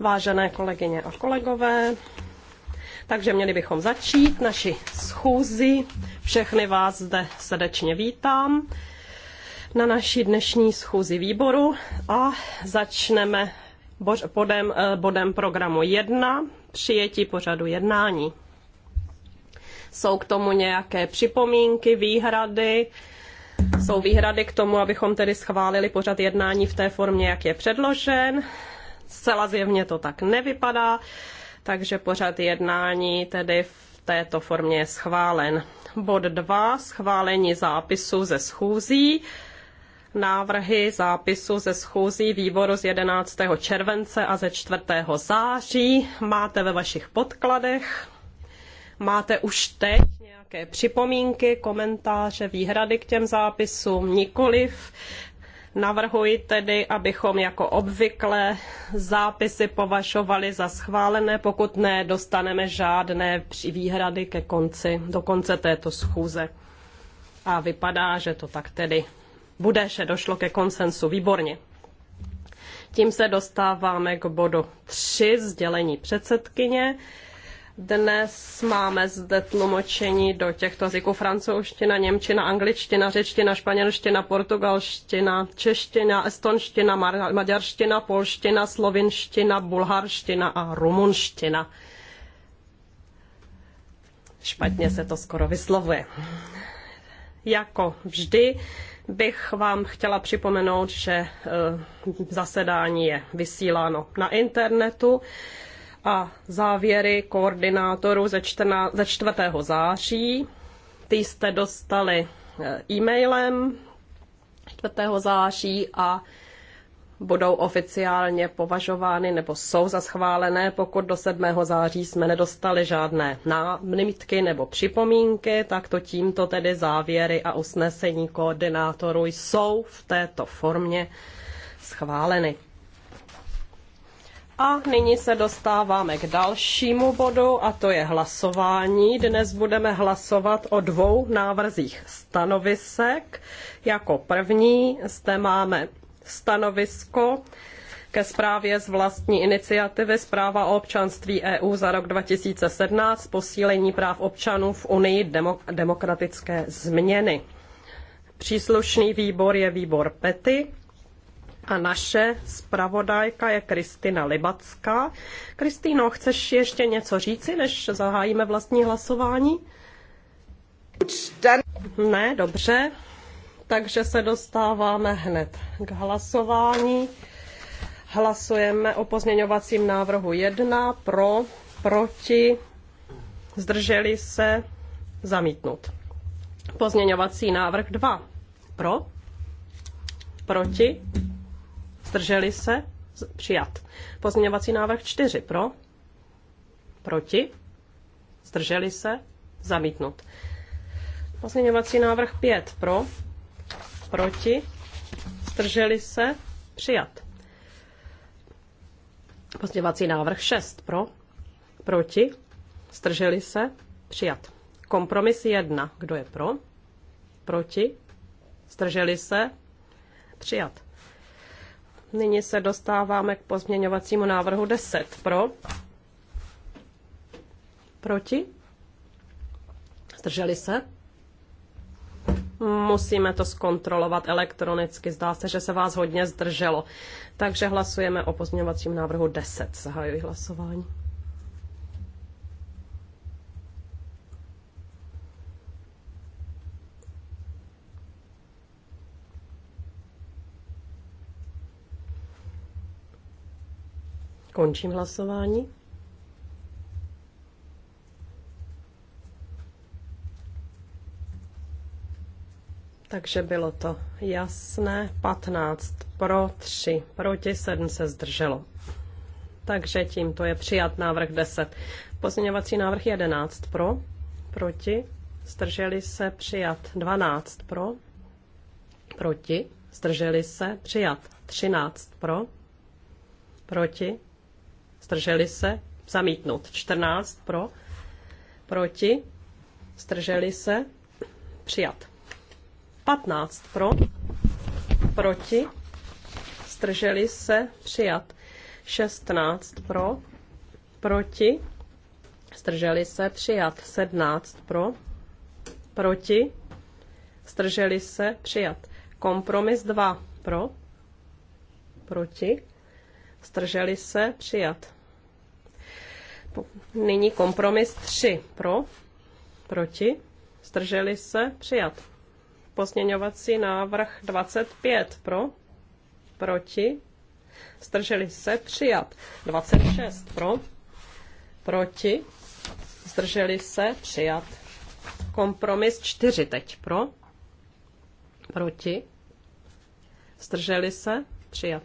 Vážené kolegyně a kolegové, takže měli bychom začít naši schůzi. Všechny vás zde srdečně vítám na naší dnešní schůzi výboru a začneme bodem, eh, bodem programu 1, přijetí pořadu jednání. Jsou k tomu nějaké připomínky, výhrady? jsou výhrady k tomu, abychom tedy schválili pořad jednání v té formě, jak je předložen. Zcela zjevně to tak nevypadá, takže pořad jednání tedy v této formě je schválen. Bod 2. Schválení zápisu ze schůzí. Návrhy zápisu ze schůzí výboru z 11. července a ze 4. září máte ve vašich podkladech. Máte už teď nějaké připomínky, komentáře, výhrady k těm zápisům? Nikoliv. Navrhuji tedy, abychom jako obvykle zápisy považovali za schválené, pokud ne, dostaneme žádné výhrady ke konci, do konce této schůze. A vypadá, že to tak tedy bude, že došlo ke konsensu. Výborně. Tím se dostáváme k bodu 3, sdělení předsedkyně. Dnes máme zde tlumočení do těchto jazyků francouzština, němčina, angličtina, řečtina, španělština, portugalština, čeština, estonština, maďarština, polština, slovinština, bulharština a rumunština. Špatně se to skoro vyslovuje. Jako vždy bych vám chtěla připomenout, že eh, zasedání je vysíláno na internetu a závěry koordinátorů ze, 14, ze 4. září. Ty jste dostali eh, e-mailem 4. září a budou oficiálně považovány nebo jsou za schválené, pokud do 7. září jsme nedostali žádné námitky nebo připomínky, tak to tímto tedy závěry a usnesení koordinátorů jsou v této formě schváleny. A nyní se dostáváme k dalšímu bodu a to je hlasování. Dnes budeme hlasovat o dvou návrzích stanovisek. Jako první zde máme stanovisko ke zprávě z vlastní iniciativy Zpráva o občanství EU za rok 2017 posílení práv občanů v Unii demokratické změny. Příslušný výbor je výbor PETI a naše zpravodajka je Kristina Libacká. Kristýno, chceš ještě něco říci, než zahájíme vlastní hlasování? Ne, dobře. Takže se dostáváme hned k hlasování. Hlasujeme o pozměňovacím návrhu 1 pro, proti, zdrželi se, zamítnut. Pozměňovací návrh 2 pro, proti, Zdrželi se? Přijat. Pozměňovací návrh 4 pro? Proti? Zdrželi se? Zamítnut. Pozměňovací návrh 5 pro? Proti? Zdrželi se? Přijat. Pozměňovací návrh 6 pro? Proti? Zdrželi se? Přijat. Kompromis 1. Kdo je pro? Proti? Zdrželi se? Přijat. Nyní se dostáváme k pozměňovacímu návrhu 10. Pro? Proti? Zdrželi se? Musíme to zkontrolovat elektronicky. Zdá se, že se vás hodně zdrželo. Takže hlasujeme o pozměňovacím návrhu 10. Zahajuji hlasování. Končím hlasování. Takže bylo to jasné. 15 pro, 3 proti, 7 se zdrželo. Takže tímto je přijat návrh 10. Pozměňovací návrh 11 pro, proti, zdrželi se přijat 12 pro, proti, zdrželi se přijat 13 pro, proti, Zdrželi se? zamítnout 14 pro. Proti? Zdrželi se? Přijat. 15 pro. Proti? Zdrželi se? Přijat. 16 pro. Proti? Zdrželi se? Přijat. 17 pro. Proti? Zdrželi se? Přijat. Kompromis 2 pro. Proti? Zdrželi se? Přijat. Nyní kompromis 3 pro, proti, strželi se, přijat. Pozměňovací návrh 25 pro, proti, strželi se, přijat. 26 pro, proti, strželi se, přijat. Kompromis 4 teď pro, proti, strželi se, přijat.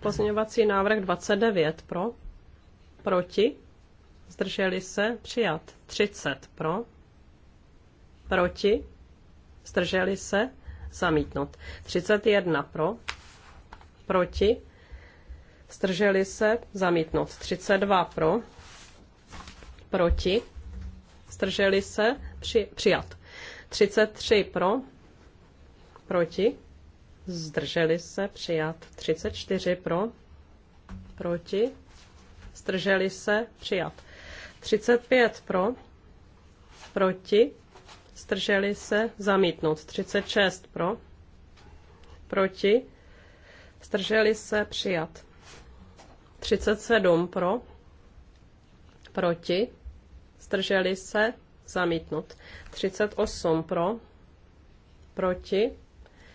Pozměňovací návrh 29 pro, proti, zdrželi se, přijat. 30 pro, proti, zdrželi se, zamítnut. 31 pro, proti, zdrželi se, zamítnut. 32 pro, proti, zdrželi se, při, přijat. 33 pro, proti, zdrželi se, přijat. 34 pro, proti, zdrželi se, přijat. 35 pro, proti, strželi se, zamítnout. 36 pro, proti, strželi se, přijat. 37 pro, proti, strželi se, zamítnut. 38 pro, proti,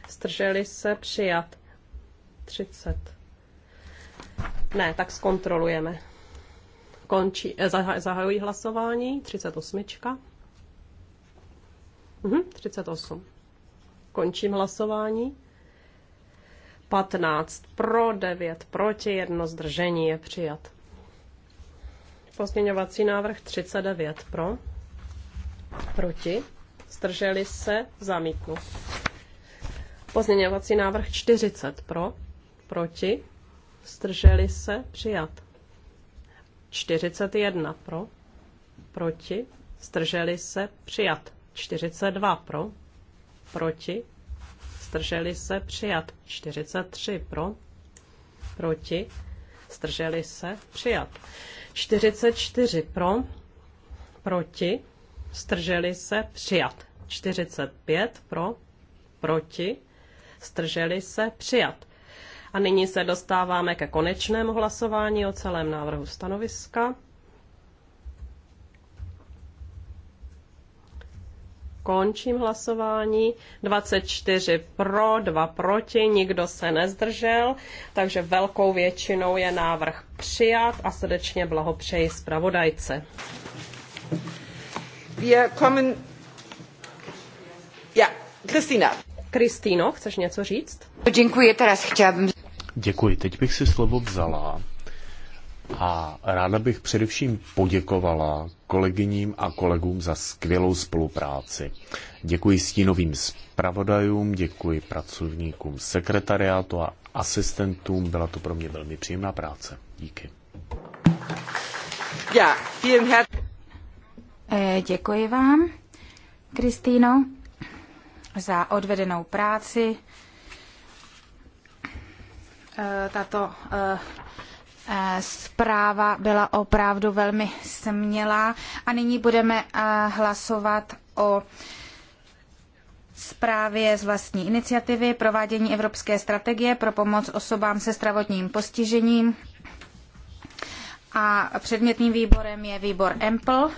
strželi se, přijat. 30. Ne, tak zkontrolujeme. Končí, eh, zahajují hlasování, 38. Mhm, 38. Končím hlasování. 15 pro, 9 proti, jedno zdržení je přijat. Pozměňovací návrh 39 pro, proti, zdrželi se, zamítnu. Pozměňovací návrh 40 pro, proti, zdrželi se, přijat. 41 pro, proti, strželi se, přijat. 42 pro, proti, strželi se, přijat. 43 pro, proti, strželi se, přijat. 44 pro, proti, strželi se, přijat. 45 pro, proti, strželi se, přijat. A nyní se dostáváme ke konečnému hlasování o celém návrhu stanoviska. Končím hlasování. 24 pro, 2 proti, nikdo se nezdržel, takže velkou většinou je návrh přijat a srdečně blahopřeji zpravodajce. Wir kommen... Ja, Kristina. Kristýno, chceš něco říct? Děkuji, teraz chtěla Děkuji, teď bych si slovo vzala. A ráda bych především poděkovala kolegyním a kolegům za skvělou spolupráci. Děkuji stínovým zpravodajům, děkuji pracovníkům sekretariátu a asistentům. Byla to pro mě velmi příjemná práce. Díky. Eh, děkuji vám, Kristýno za odvedenou práci. E, tato e, e, zpráva byla opravdu velmi smělá a nyní budeme hlasovat o zprávě z vlastní iniciativy provádění Evropské strategie pro pomoc osobám se zdravotním postižením. A předmětným výborem je výbor EMPL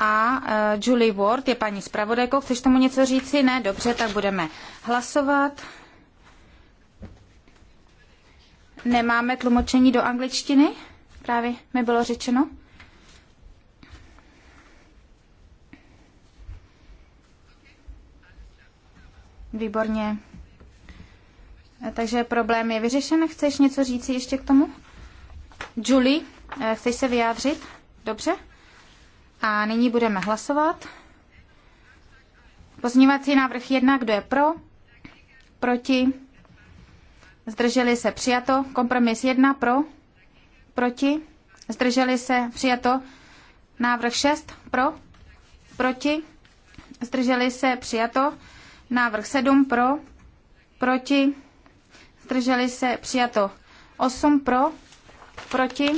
a eh, Julie Ward je paní zpravodajkou. Chceš tomu něco říci? Ne, dobře, tak budeme hlasovat. Nemáme tlumočení do angličtiny? Právě mi bylo řečeno. Výborně. Eh, takže problém je vyřešen. Chceš něco říci ještě k tomu? Julie, eh, chceš se vyjádřit? Dobře? A nyní budeme hlasovat. Pozměňovací návrh 1, kdo je pro? Proti? Zdrželi se přijato. Kompromis 1 pro? Proti? Zdrželi se přijato. Návrh 6 pro? Proti? Zdrželi se přijato. Návrh 7 pro? Proti? Zdrželi se přijato. 8 pro? Proti?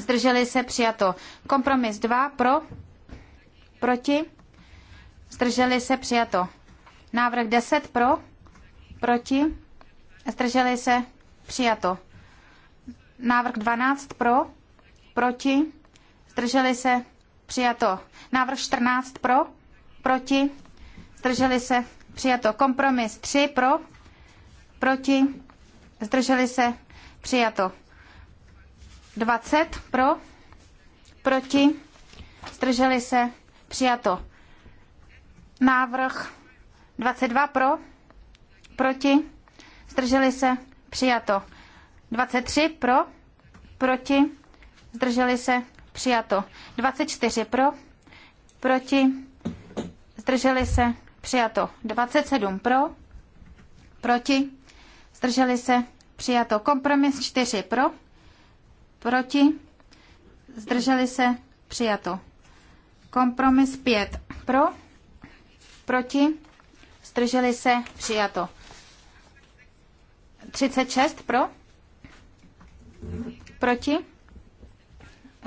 zdrželi se přijato. Kompromis 2 pro, proti, zdrželi se přijato. Návrh 10 pro, proti, zdrželi se přijato. Návrh 12 pro, proti, zdrželi se přijato. Návrh 14 pro, proti, zdrželi se přijato. Kompromis 3 pro, proti, zdrželi se přijato. 20 pro, proti, zdrželi se, přijato. Návrh 22 pro, proti, zdrželi se, přijato. 23 pro, proti, zdrželi se, přijato. 24 pro, proti, zdrželi se, přijato. 27 pro, proti, zdrželi se, přijato. Kompromis 4 pro, Proti? Zdrželi se? Přijato. Kompromis 5. Pro? Proti? Zdrželi se? Přijato. 36 pro? Proti?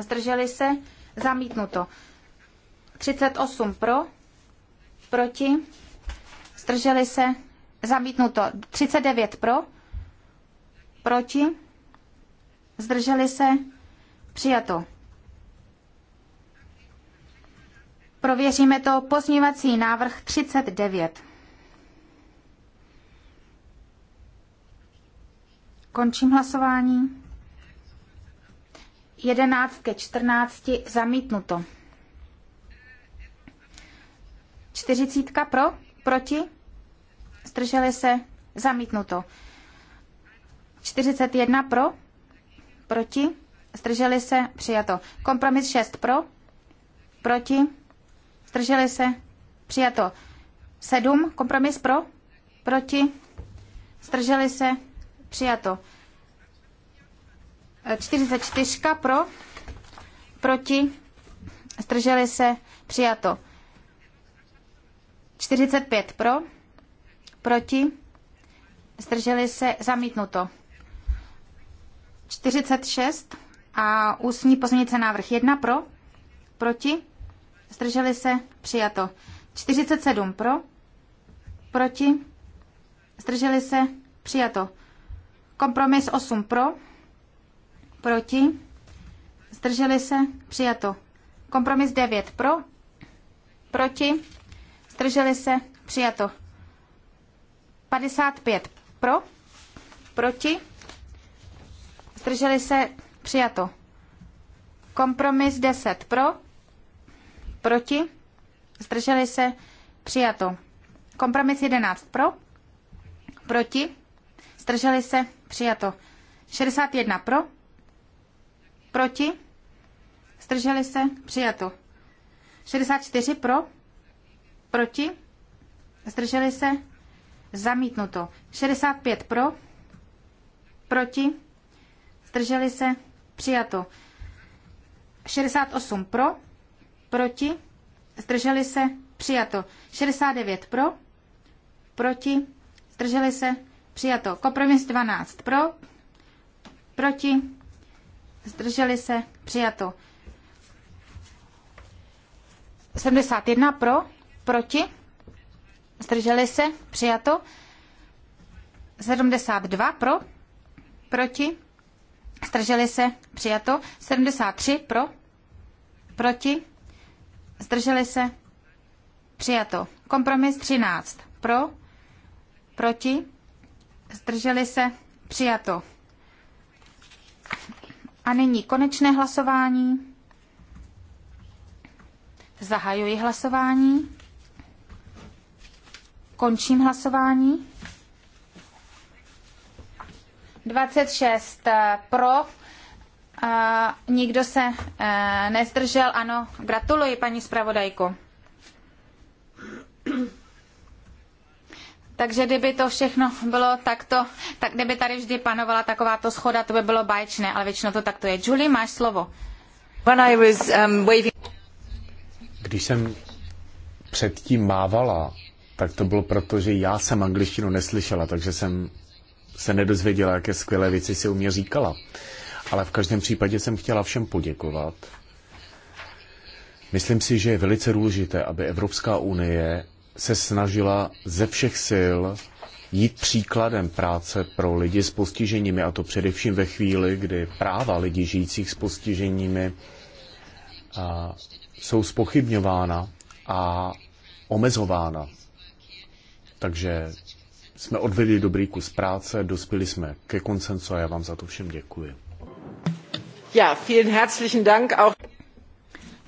Zdrželi se? Zamítnuto. 38 pro? Proti? Zdrželi se? Zamítnuto. 39 pro? Proti? zdrželi se, přijato. Prověříme to pozměvací návrh 39. Končím hlasování. 11 ke 14 zamítnuto. 40 pro, proti, zdrželi se, zamítnuto. 41 pro, proti, zdrželi se, přijato. Kompromis 6 pro, proti, zdrželi se, přijato. 7, kompromis pro, proti, zdrželi se, přijato. 44 pro, proti, zdrželi se, přijato. 45 pro, proti, zdrželi se, zamítnuto. 46 a ústní pozměnice návrh 1 pro, proti, zdrželi se, přijato. 47 pro, proti, zdrželi se, přijato. Kompromis 8 pro, proti, zdrželi se, přijato. Kompromis 9 pro, proti, zdrželi se, přijato. 55 pro, proti, zdrželi se, přijato. Kompromis 10 pro, proti, zdrželi se, přijato. Kompromis 11 pro, proti, zdrželi se, přijato. 61 pro, proti, zdrželi se, přijato. 64 pro, proti, zdrželi se, zamítnuto. 65 pro, proti, zdrželi se, přijato. 68 pro, proti, zdrželi se, přijato. 69 pro, proti, zdrželi se, přijato. Kompromis 12 pro, proti, zdrželi se, přijato. 71 pro, proti, zdrželi se, přijato. 72 pro, proti, Zdrželi se? Přijato. 73 pro? Proti? Zdrželi se? Přijato. Kompromis 13 pro? Proti? Zdrželi se? Přijato. A nyní konečné hlasování. Zahajuji hlasování. Končím hlasování. 26 eh, pro, a nikdo se eh, nezdržel. Ano, gratuluji paní zpravodajku. Takže kdyby to všechno bylo takto, tak kdyby tady vždy panovala takováto schoda, to by bylo báječné, ale většinou to takto je. Julie, máš slovo. Um, Když jsem předtím mávala, tak to bylo proto, že já jsem angličtinu neslyšela, takže jsem se nedozvěděla, jaké skvělé věci si u mě říkala. Ale v každém případě jsem chtěla všem poděkovat. Myslím si, že je velice důležité, aby Evropská unie se snažila ze všech sil jít příkladem práce pro lidi s postiženími, a to především ve chvíli, kdy práva lidí žijících s postiženími a, jsou spochybňována a omezována. Takže jsme odvedli dobrý kus práce, dospěli jsme ke koncensu a já vám za to všem děkuji. Ja, vielen herzlichen Dank auch.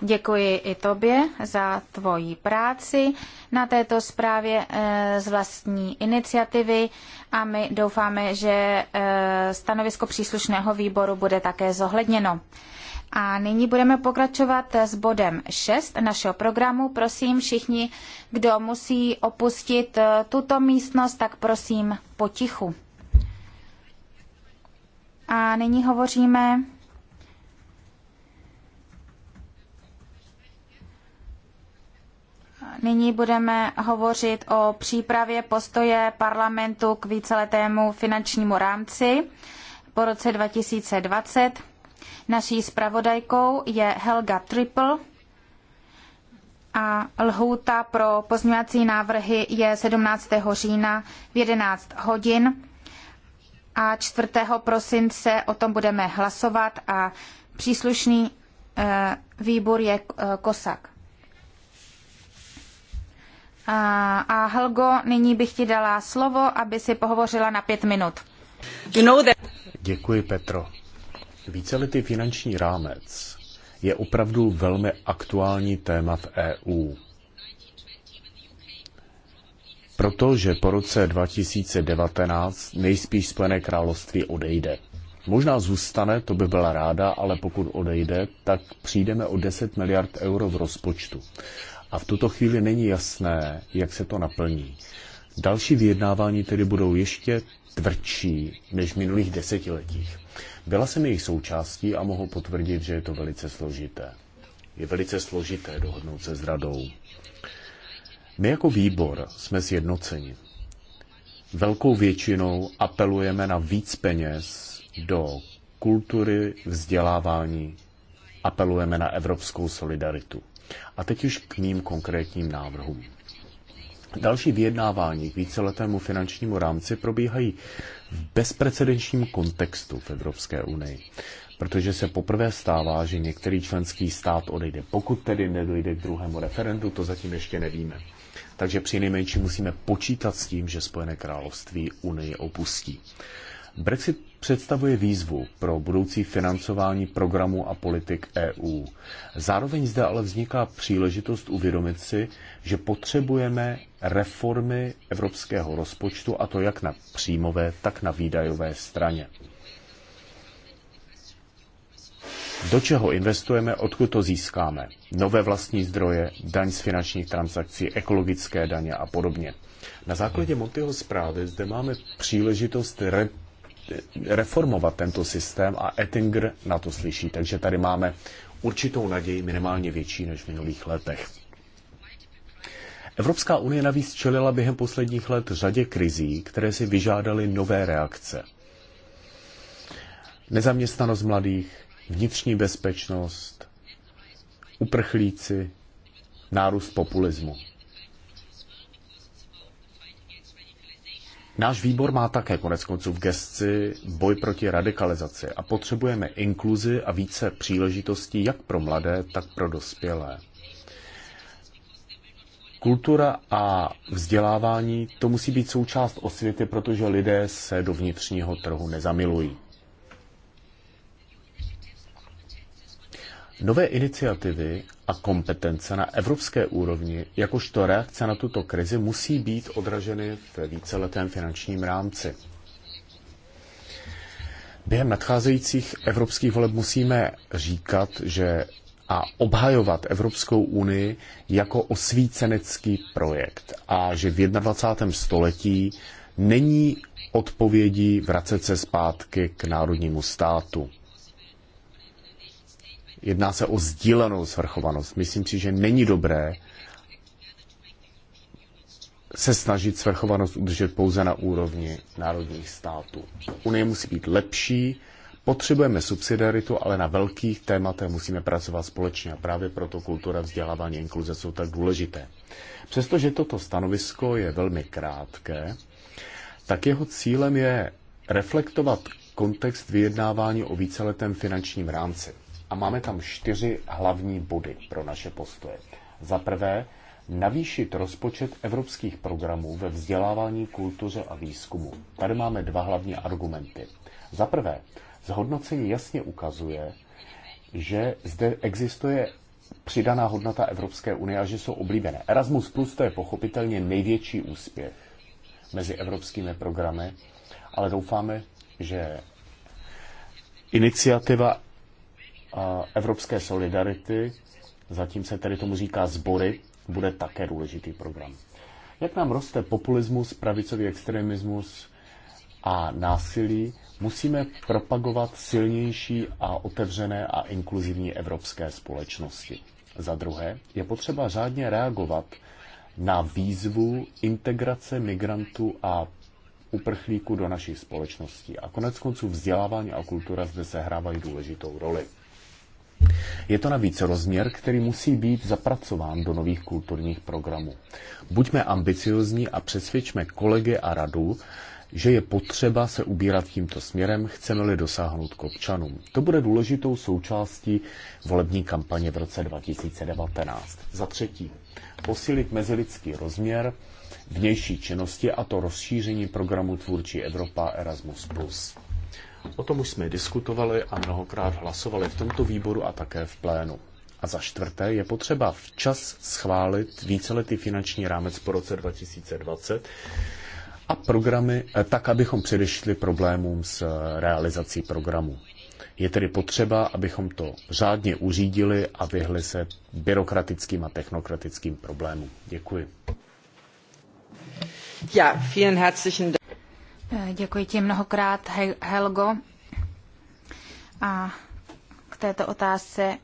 Děkuji i tobě za tvoji práci na této zprávě eh, z vlastní iniciativy a my doufáme, že eh, stanovisko příslušného výboru bude také zohledněno. A nyní budeme pokračovat s bodem 6 našeho programu. Prosím všichni, kdo musí opustit eh, tuto místnost, tak prosím potichu. A nyní hovoříme Nyní budeme hovořit o přípravě postoje parlamentu k víceletému finančnímu rámci po roce 2020 Naší zpravodajkou je Helga Triple a lhůta pro pozměňovací návrhy je 17. října v 11 hodin a 4. prosince o tom budeme hlasovat a příslušný eh, výbor je eh, Kosak. A Helgo, nyní bych ti dala slovo, aby si pohovořila na pět minut. Děkuji, Petro. Víceletý finanční rámec je opravdu velmi aktuální téma v EU. Protože po roce 2019 nejspíš Spojené království odejde. Možná zůstane, to by byla ráda, ale pokud odejde, tak přijdeme o 10 miliard euro v rozpočtu. A v tuto chvíli není jasné, jak se to naplní. Další vyjednávání tedy budou ještě tvrdší než v minulých desetiletích. Byla jsem jejich součástí a mohu potvrdit, že je to velice složité. Je velice složité dohodnout se s radou. My jako výbor jsme sjednoceni. Velkou většinou apelujeme na víc peněz do kultury, vzdělávání, apelujeme na evropskou solidaritu. A teď už k mým konkrétním návrhům. Další vyjednávání k víceletému finančnímu rámci probíhají v bezprecedenčním kontextu v Evropské unii, protože se poprvé stává, že některý členský stát odejde. Pokud tedy nedojde k druhému referendu, to zatím ještě nevíme. Takže při nejmenší musíme počítat s tím, že Spojené království Unii opustí. Brexit představuje výzvu pro budoucí financování programů a politik EU. Zároveň zde ale vzniká příležitost uvědomit si, že potřebujeme reformy evropského rozpočtu, a to jak na příjmové, tak na výdajové straně. Do čeho investujeme, odkud to získáme? Nové vlastní zdroje, daň z finančních transakcí, ekologické daně a podobně. Na základě Montyho zprávy zde máme příležitost re, reformovat tento systém a Ettinger na to slyší, takže tady máme určitou naději minimálně větší než v minulých letech. Evropská unie navíc čelila během posledních let řadě krizí, které si vyžádaly nové reakce. Nezaměstnanost mladých, vnitřní bezpečnost, uprchlíci, nárůst populismu. Náš výbor má také konec konců v gesci boj proti radikalizaci a potřebujeme inkluzi a více příležitostí jak pro mladé, tak pro dospělé. Kultura a vzdělávání, to musí být součást osvěty, protože lidé se do vnitřního trhu nezamilují. Nové iniciativy a kompetence na evropské úrovni, jakožto reakce na tuto krizi, musí být odraženy v víceletém finančním rámci. Během nadcházejících evropských voleb musíme říkat, že a obhajovat Evropskou unii jako osvícenecký projekt a že v 21. století není odpovědí vracet se zpátky k národnímu státu. Jedná se o sdílenou svrchovanost. Myslím si, že není dobré se snažit svrchovanost udržet pouze na úrovni národních států. Unie musí být lepší, Potřebujeme subsidiaritu, ale na velkých tématech musíme pracovat společně a právě proto kultura, vzdělávání a inkluze jsou tak důležité. Přestože toto stanovisko je velmi krátké, tak jeho cílem je reflektovat kontext vyjednávání o víceletém finančním rámci. A máme tam čtyři hlavní body pro naše postoje. Za prvé, navýšit rozpočet evropských programů ve vzdělávání, kultuře a výzkumu. Tady máme dva hlavní argumenty. Za prvé, Zhodnocení jasně ukazuje, že zde existuje přidaná hodnota Evropské unie a že jsou oblíbené. Erasmus Plus to je pochopitelně největší úspěch mezi evropskými programy, ale doufáme, že iniciativa Evropské solidarity, zatím se tedy tomu říká sbory, bude také důležitý program. Jak nám roste populismus, pravicový extremismus a násilí, Musíme propagovat silnější a otevřené a inkluzivní evropské společnosti. Za druhé, je potřeba řádně reagovat na výzvu integrace migrantů a uprchlíků do naší společnosti. A konec konců vzdělávání a kultura zde sehrávají důležitou roli. Je to navíc rozměr, který musí být zapracován do nových kulturních programů. Buďme ambiciozní a přesvědčme kolegy a radu, že je potřeba se ubírat tímto směrem, chceme-li dosáhnout k občanům. To bude důležitou součástí volební kampaně v roce 2019. Za třetí, posílit mezilidský rozměr vnější činnosti a to rozšíření programu Tvůrčí Evropa Erasmus+. O tom už jsme diskutovali a mnohokrát hlasovali v tomto výboru a také v plénu. A za čtvrté je potřeba včas schválit víceletý finanční rámec po roce 2020, a programy eh, tak, abychom předešli problémům s eh, realizací programu. Je tedy potřeba, abychom to řádně uřídili a vyhli se byrokratickým a technokratickým problémům. Děkuji. Ja, vielen herzlichen Dank. Eh, děkuji ti mnohokrát, Helgo. A k této otázce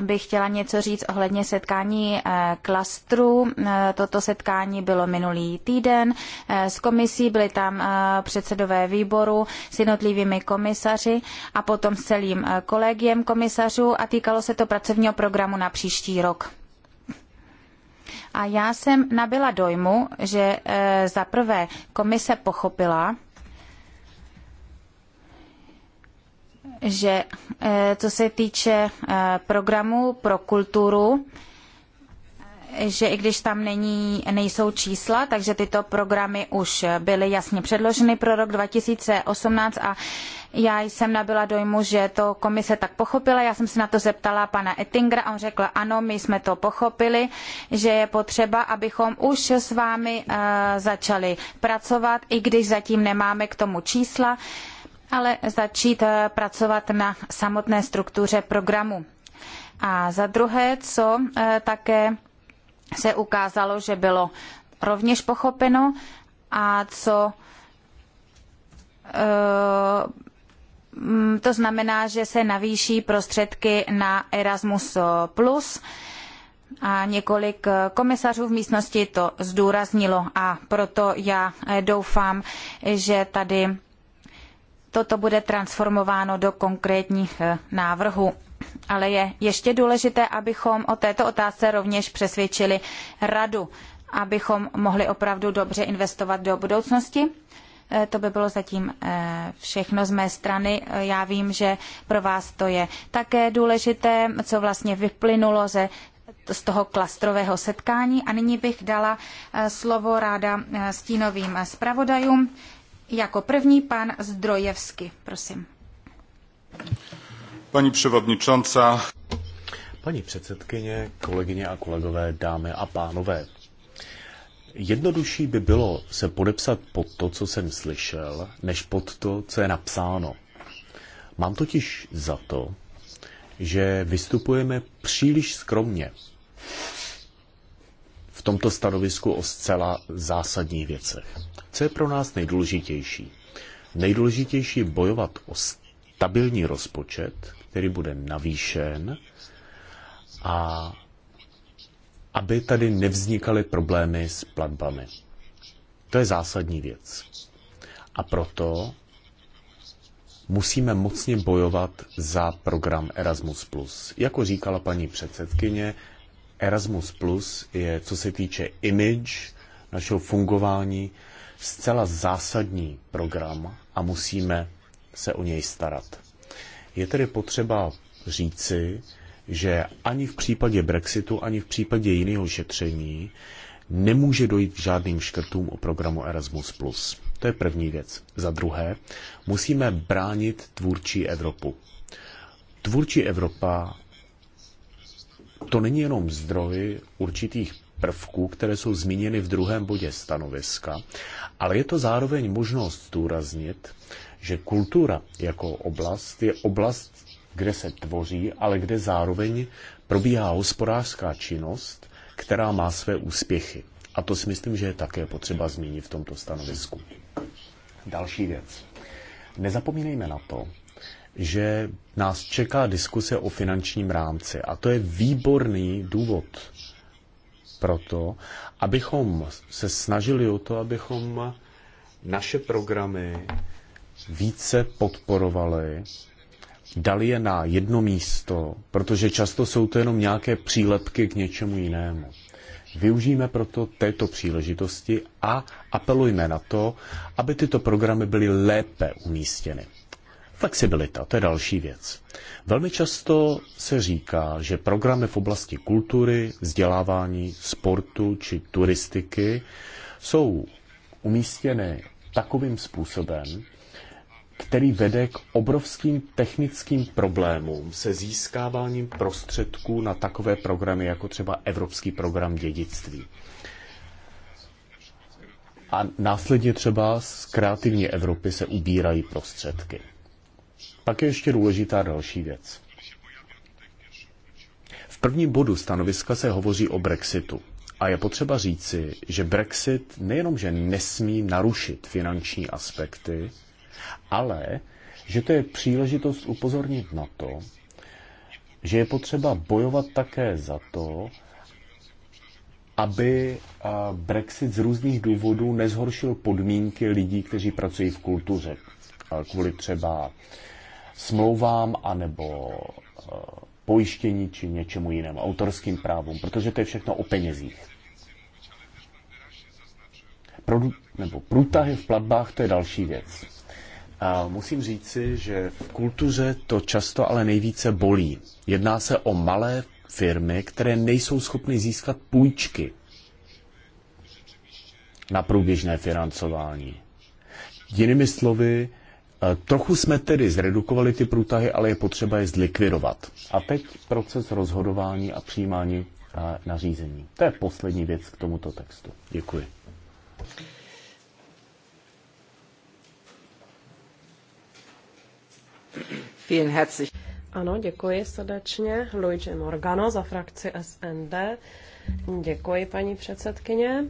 bych chtěla něco říct ohledně setkání eh, klastru. Eh, toto setkání bylo minulý týden eh, s komisí, byli tam předsedové výboru s jednotlivými komisaři a potom s celým kolegiem komisařů a týkalo se to pracovního programu na příští rok. A já jsem nabyla dojmu, že za prvé komise pochopila, že eh, co se týče eh, programu pro kulturu, že i když tam není, nejsou čísla, takže tyto programy už byly jasně předloženy pro rok 2018 a já jsem nabyla dojmu, že to komise tak pochopila. Já jsem se na to zeptala pana Ettingera a on řekl, ano, my jsme to pochopili, že je potřeba, abychom už s vámi eh, začali pracovat, i když zatím nemáme k tomu čísla. Uh, ale začít eh, pracovat na samotné struktuře programu. A za druhé, co eh, také se ukázalo, že bylo rovněž pochopeno a co eh, to znamená, že se navýší prostředky na Erasmus+. Plus a několik komisařů v místnosti to zdůraznilo a proto já doufám, že tady toto bude transformováno do konkrétních eh, návrhů. Ale je ještě důležité, abychom o této otázce rovněž přesvědčili radu, abychom mohli opravdu dobře investovat do budoucnosti. Eh, to by bylo zatím eh, všechno z mé strany. Já vím, že pro vás to je také důležité, co vlastně vyplynulo ze z toho klastrového setkání. A nyní bych dala slovo ráda stínovým zpravodajům. Jako první pan Zdrojevsky, prosím. Paní převodničanca. Paní předsedkyně, kolegyně a kolegové, dámy a pánové. Jednodušší by bylo se podepsat pod to, co jsem slyšel, než pod to, co je napsáno. Mám totiž za to, že vystupujeme příliš skromně v tomto stanovisku o zcela zásadních věcech. Co je pro nás nejdůležitější? Nejdůležitější je bojovat o stabilní rozpočet, který bude navýšen a aby tady nevznikaly problémy s platbami. To je zásadní věc. A proto musíme mocně bojovat za program Erasmus+. Jako říkala paní předsedkyně, Erasmus Plus je, co se týče image, našeho fungování, zcela zásadní program a musíme se o něj starat. Je tedy potřeba říci, že ani v případě Brexitu, ani v případě jiného šetření nemůže dojít k žádným škrtům o programu Erasmus+. To je první věc. Za druhé, musíme bránit tvůrčí Evropu. Tvůrčí Evropa to není jenom zdroj určitých prvků, které jsou zmíněny v druhém bodě stanoviska, ale je to zároveň možnost zdůraznit, že kultura jako oblast je oblast, kde se tvoří, ale kde zároveň probíhá hospodářská činnost, která má své úspěchy. A to si myslím, že je také potřeba zmínit v tomto stanovisku. Další věc. Nezapomínejme na to, že nás čeká diskuse o finančním rámci. A to je výborný důvod pro to, abychom se snažili o to, abychom naše programy více podporovali, dali je na jedno místo, protože často jsou to jenom nějaké přílepky k něčemu jinému. Využijeme proto této příležitosti a apelujme na to, aby tyto programy byly lépe umístěny. Flexibilita, to je další věc. Velmi často se říká, že programy v oblasti kultury, vzdělávání, sportu či turistiky jsou umístěny takovým způsobem, který vede k obrovským technickým problémům se získáváním prostředků na takové programy, jako třeba Evropský program dědictví. A následně třeba z kreativní Evropy se ubírají prostředky. Pak je ještě důležitá další věc. V prvním bodu stanoviska se hovoří o Brexitu. A je potřeba říci, že Brexit nejenom, že nesmí narušit finanční aspekty, ale že to je příležitost upozornit na to, že je potřeba bojovat také za to, aby Brexit z různých důvodů nezhoršil podmínky lidí, kteří pracují v kultuře, kvůli třeba smlouvám anebo eh, pojištění či něčemu jinému, autorským právům, protože to je všechno o penězích. Produ, nebo průtahy v platbách, to je další věc. A musím říci, že v kultuře to často ale nejvíce bolí. Jedná se o malé firmy, které nejsou schopny získat půjčky na průběžné financování. Jinými slovy, Trochu jsme tedy zredukovali ty průtahy, ale je potřeba je zlikvidovat. A teď proces rozhodování a přijímání nařízení. To je poslední věc k tomuto textu. Děkuji. Ano, děkuji srdečně Luigi Morgano za frakci SND. Děkuji, paní předsedkyně.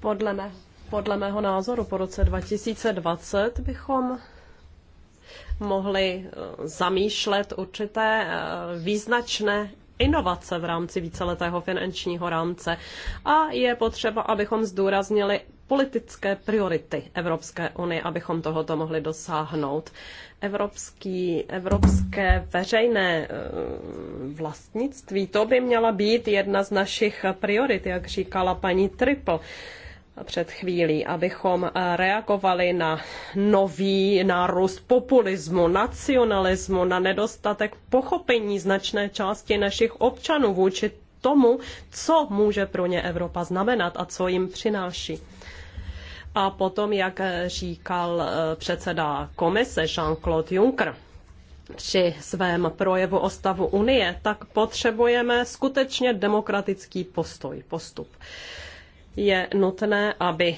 Podle, mé, podle mého názoru po roce 2020 bychom mohli eh, zamýšlet určité eh, význačné inovace v rámci víceletého finančního rámce a je potřeba, abychom zdůraznili politické priority Evropské unie, abychom tohoto mohli dosáhnout. Evropský, evropské veřejné eh, vlastnictví, to by měla být jedna z našich priorit, jak říkala paní Triple před chvílí, abychom eh, reagovali na nový nárůst populismu, nacionalismu, na nedostatek pochopení značné části našich občanů vůči tomu, co může pro ně Evropa znamenat a co jim přináší. A potom, jak říkal eh, předseda komise Jean-Claude Juncker, při svém projevu o stavu Unie, tak potřebujeme skutečně demokratický postoj, postup. Je nutné, aby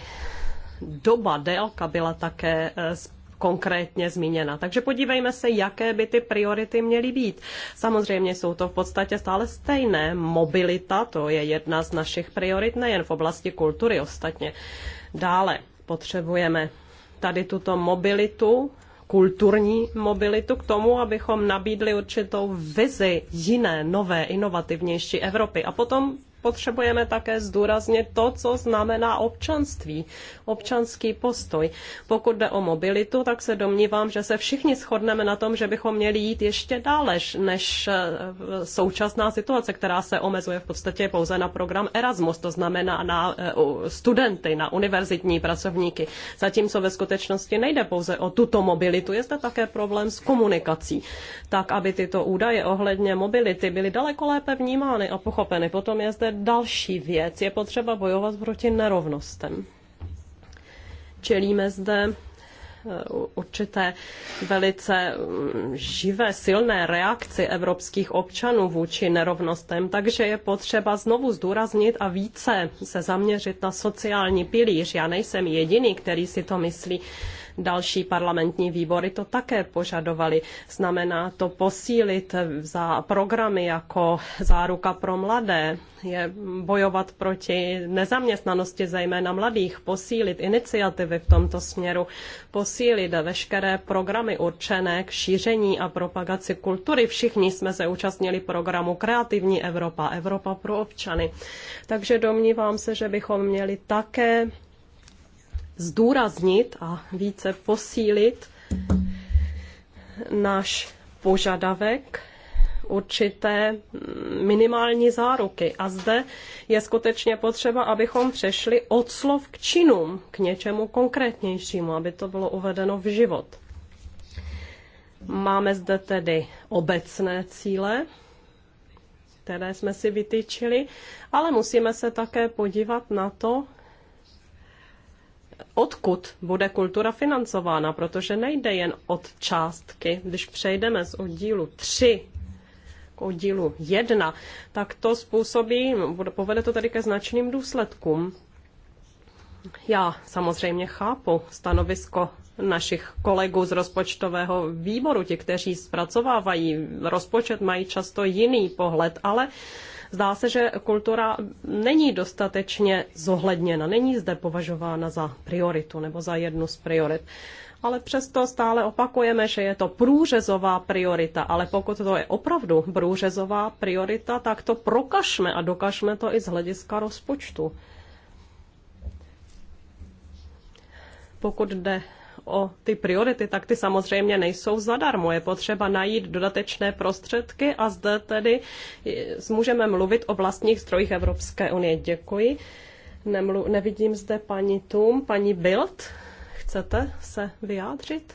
doba, délka byla také eh, konkrétně zmíněna. Takže podívejme se, jaké by ty priority měly být. Samozřejmě jsou to v podstatě stále stejné. Mobilita, to je jedna z našich priorit, nejen v oblasti kultury ostatně. Dále potřebujeme tady tuto mobilitu, kulturní mobilitu k tomu, abychom nabídli určitou vizi jiné, nové, inovativnější Evropy. A potom potřebujeme také zdůraznit to, co znamená občanství, občanský postoj. Pokud jde o mobilitu, tak se domnívám, že se všichni shodneme na tom, že bychom měli jít ještě dále než eh, současná situace, která se omezuje v podstatě pouze na program Erasmus, to znamená na eh, studenty, na univerzitní pracovníky. Zatímco ve skutečnosti nejde pouze o tuto mobilitu, je zde také problém s komunikací. Tak, aby tyto údaje ohledně mobility byly daleko lépe vnímány a pochopeny. Potom je zde další věc. Je potřeba bojovat proti nerovnostem. Čelíme zde eh, určité velice mm, živé, silné reakci evropských občanů vůči nerovnostem, takže je potřeba znovu zdůraznit a více se zaměřit na sociální pilíř. Já nejsem jediný, který si to myslí. Další parlamentní výbory to také požadovaly. Znamená to posílit za programy jako záruka pro mladé, je bojovat proti nezaměstnanosti zejména mladých, posílit iniciativy v tomto směru, posílit veškeré programy určené k šíření a propagaci kultury. Všichni jsme se účastnili programu Kreativní Evropa, Evropa pro občany. Takže domnívám se, že bychom měli také zdůraznit a více posílit náš požadavek určité minimální záruky. A zde je skutečně potřeba, abychom přešli od slov k činům, k něčemu konkrétnějšímu, aby to bylo uvedeno v život. Máme zde tedy obecné cíle, které jsme si vytyčili, ale musíme se také podívat na to, odkud bude kultura financována, protože nejde jen od částky. Když přejdeme z oddílu 3 k oddílu 1, tak to způsobí, povede to tady ke značným důsledkům. Já samozřejmě chápu stanovisko našich kolegů z rozpočtového výboru, ti, kteří zpracovávají rozpočet, mají často jiný pohled, ale Zdá se, že kultura není dostatečně zohledněna, není zde považována za prioritu nebo za jednu z priorit ale přesto stále opakujeme, že je to průřezová priorita. Ale pokud to je opravdu průřezová priorita, tak to prokažme a dokažme to i z hlediska rozpočtu. Pokud jde o ty priority, tak ty samozřejmě nejsou zadarmo. Je potřeba najít dodatečné prostředky a zde tedy můžeme mluvit o vlastních strojích Evropské unie. Děkuji. Nemlu- nevidím zde paní Tum, paní Bild. Chcete se vyjádřit?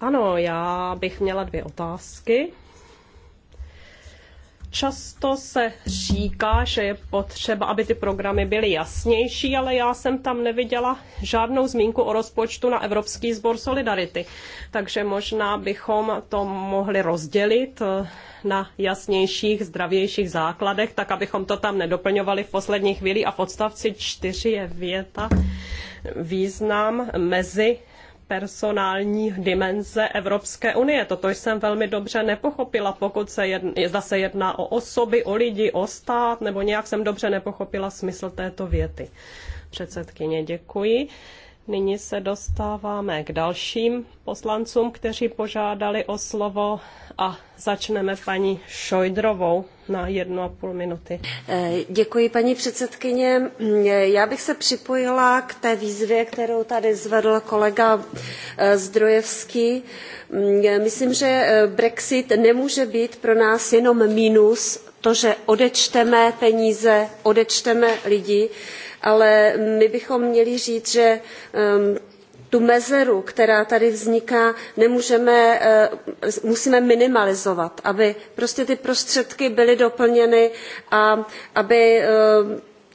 Ano, já bych měla dvě otázky. Často se říká, že je potřeba, aby ty programy byly jasnější, ale já jsem tam neviděla žádnou zmínku o rozpočtu na Evropský sbor Solidarity. Takže možná bychom to mohli rozdělit eh, na jasnějších, zdravějších základech, tak abychom to tam nedoplňovali v poslední chvíli. A v odstavci čtyři je věta význam mezi personální dimenze Evropské unie. Toto jsem velmi dobře nepochopila, pokud se jedná, zda se jedná o osoby, o lidi, o stát, nebo nějak jsem dobře nepochopila smysl této věty. Předsedkyně, děkuji. Nyní se dostáváme k dalším poslancům, kteří požádali o slovo a začneme paní Šojdrovou na jednu a půl minuty. Eh, děkuji, paní předsedkyně. Eh, já bych se připojila k té výzvě, kterou tady zvedl kolega eh, Zdrojevský. Mm, myslím, že Brexit nemůže být pro nás jenom mínus, to, že odečteme peníze, odečteme lidi, ale my bychom měli říct, že ehm, tu mezeru, která tady vzniká, eh, musíme minimalizovat, aby prostě ty prostředky byly doplněny a aby eh,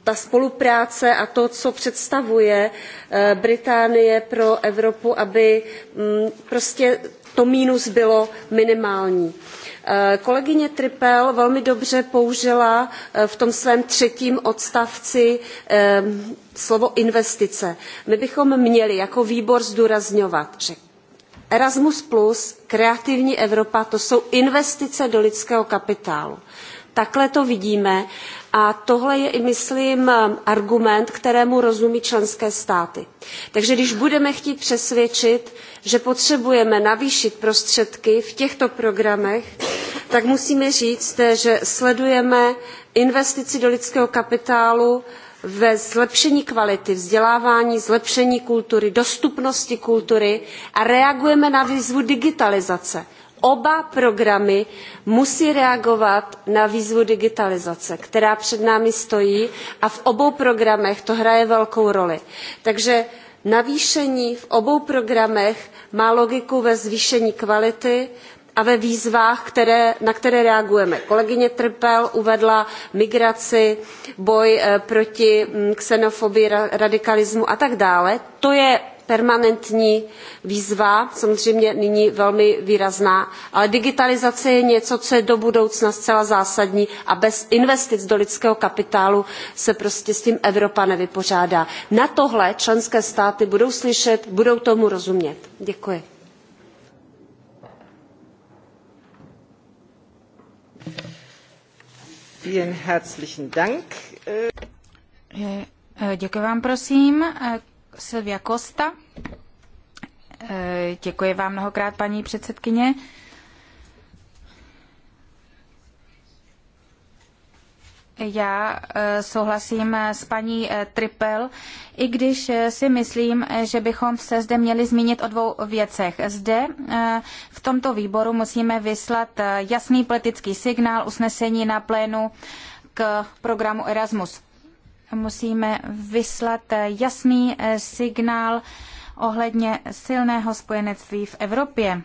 ta spolupráce a to, co představuje eh, Británie pro Evropu, aby mm, prostě to mínus bylo minimální. Eh, kolegyně Tripel velmi dobře použila eh, v tom svém třetím odstavci eh, slovo investice. My bychom měli jako výbor zdůrazňovat, že Erasmus, kreativní Evropa, to jsou investice do lidského kapitálu Takhle to vidíme a tohle je i, myslím, argument, kterému rozumí členské státy. Takže když budeme chtít přesvědčit, že potřebujeme navýšit prostředky v těchto programech, tak musíme říct, že sledujeme investici do lidského kapitálu ve zlepšení kvality vzdělávání, zlepšení kultury, dostupnosti kultury a reagujeme na výzvu digitalizace oba programy musí reagovat na výzvu digitalizace která před námi stojí a v obou programech to hraje velkou roli. takže navýšení v obou programech má logiku ve zvýšení kvality a ve výzvách které, na které reagujeme. kolegyně trpel uvedla migraci boj eh, proti hm, xenofobii radikalismu a tak dále to je permanentní výzva, samozřejmě nyní velmi výrazná, ale digitalizace je něco, co je do budoucna zcela zásadní a bez investic do lidského kapitálu se prostě s tím Evropa nevypořádá. Na tohle členské státy budou slyšet, budou tomu rozumět. Děkuji. Eh, děkuji vám, prosím. Eh, Silvia Costa. Eh, děkuji vám mnohokrát, paní předsedkyně. Já eh, souhlasím eh, s paní Tripel, i když si myslím, že bychom se zde měli zmínit o dvou věcech. Zde v tomto výboru musíme vyslat jasný politický signál usnesení na plénu k programu Erasmus musíme vyslat jasný eh, signál ohledně silného spojenectví v Evropě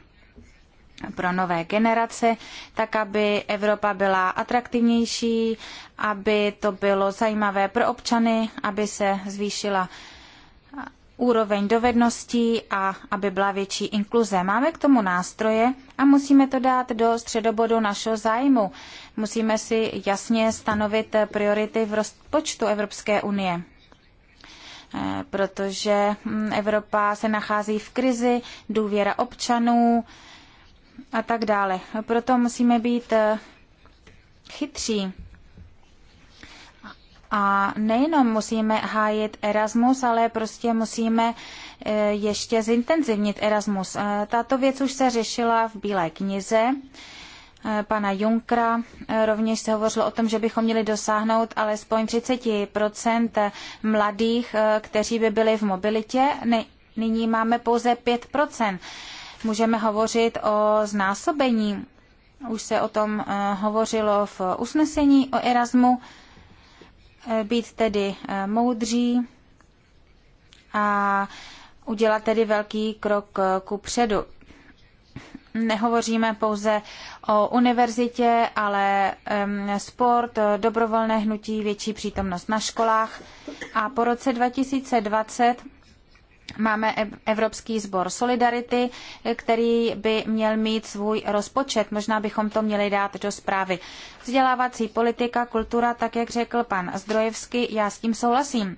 pro nové generace, tak aby Evropa byla atraktivnější, aby to bylo zajímavé pro občany, aby se zvýšila eh, úroveň dovedností a aby byla větší inkluze. Máme k tomu nástroje a musíme to dát do středobodu našeho zájmu. Musíme si jasně stanovit priority v rozpočtu Evropské unie eh, protože hm, Evropa se nachází v krizi, důvěra občanů a tak dále. Proto musíme být eh, chytří. A nejenom musíme hájit Erasmus, ale prostě musíme eh, ještě zintenzivnit Erasmus. Tato věc už se řešila v Bílé knize Eh, pana Junkra. Eh, rovněž se hovořilo o tom, že bychom měli dosáhnout alespoň 30 mladých, eh, kteří by byli v mobilitě. Nyní máme pouze 5 Můžeme hovořit o znásobení. Už se o tom hovořilo v usnesení o Erasmu. Být tedy moudří a udělat tedy velký krok ku předu nehovoříme pouze o univerzitě, ale sport, dobrovolné hnutí, větší přítomnost na školách. A po roce 2020 máme Evropský sbor Solidarity, který by měl mít svůj rozpočet. Možná bychom to měli dát do zprávy. Vzdělávací politika, kultura, tak jak řekl pan Zdrojevský, já s tím souhlasím.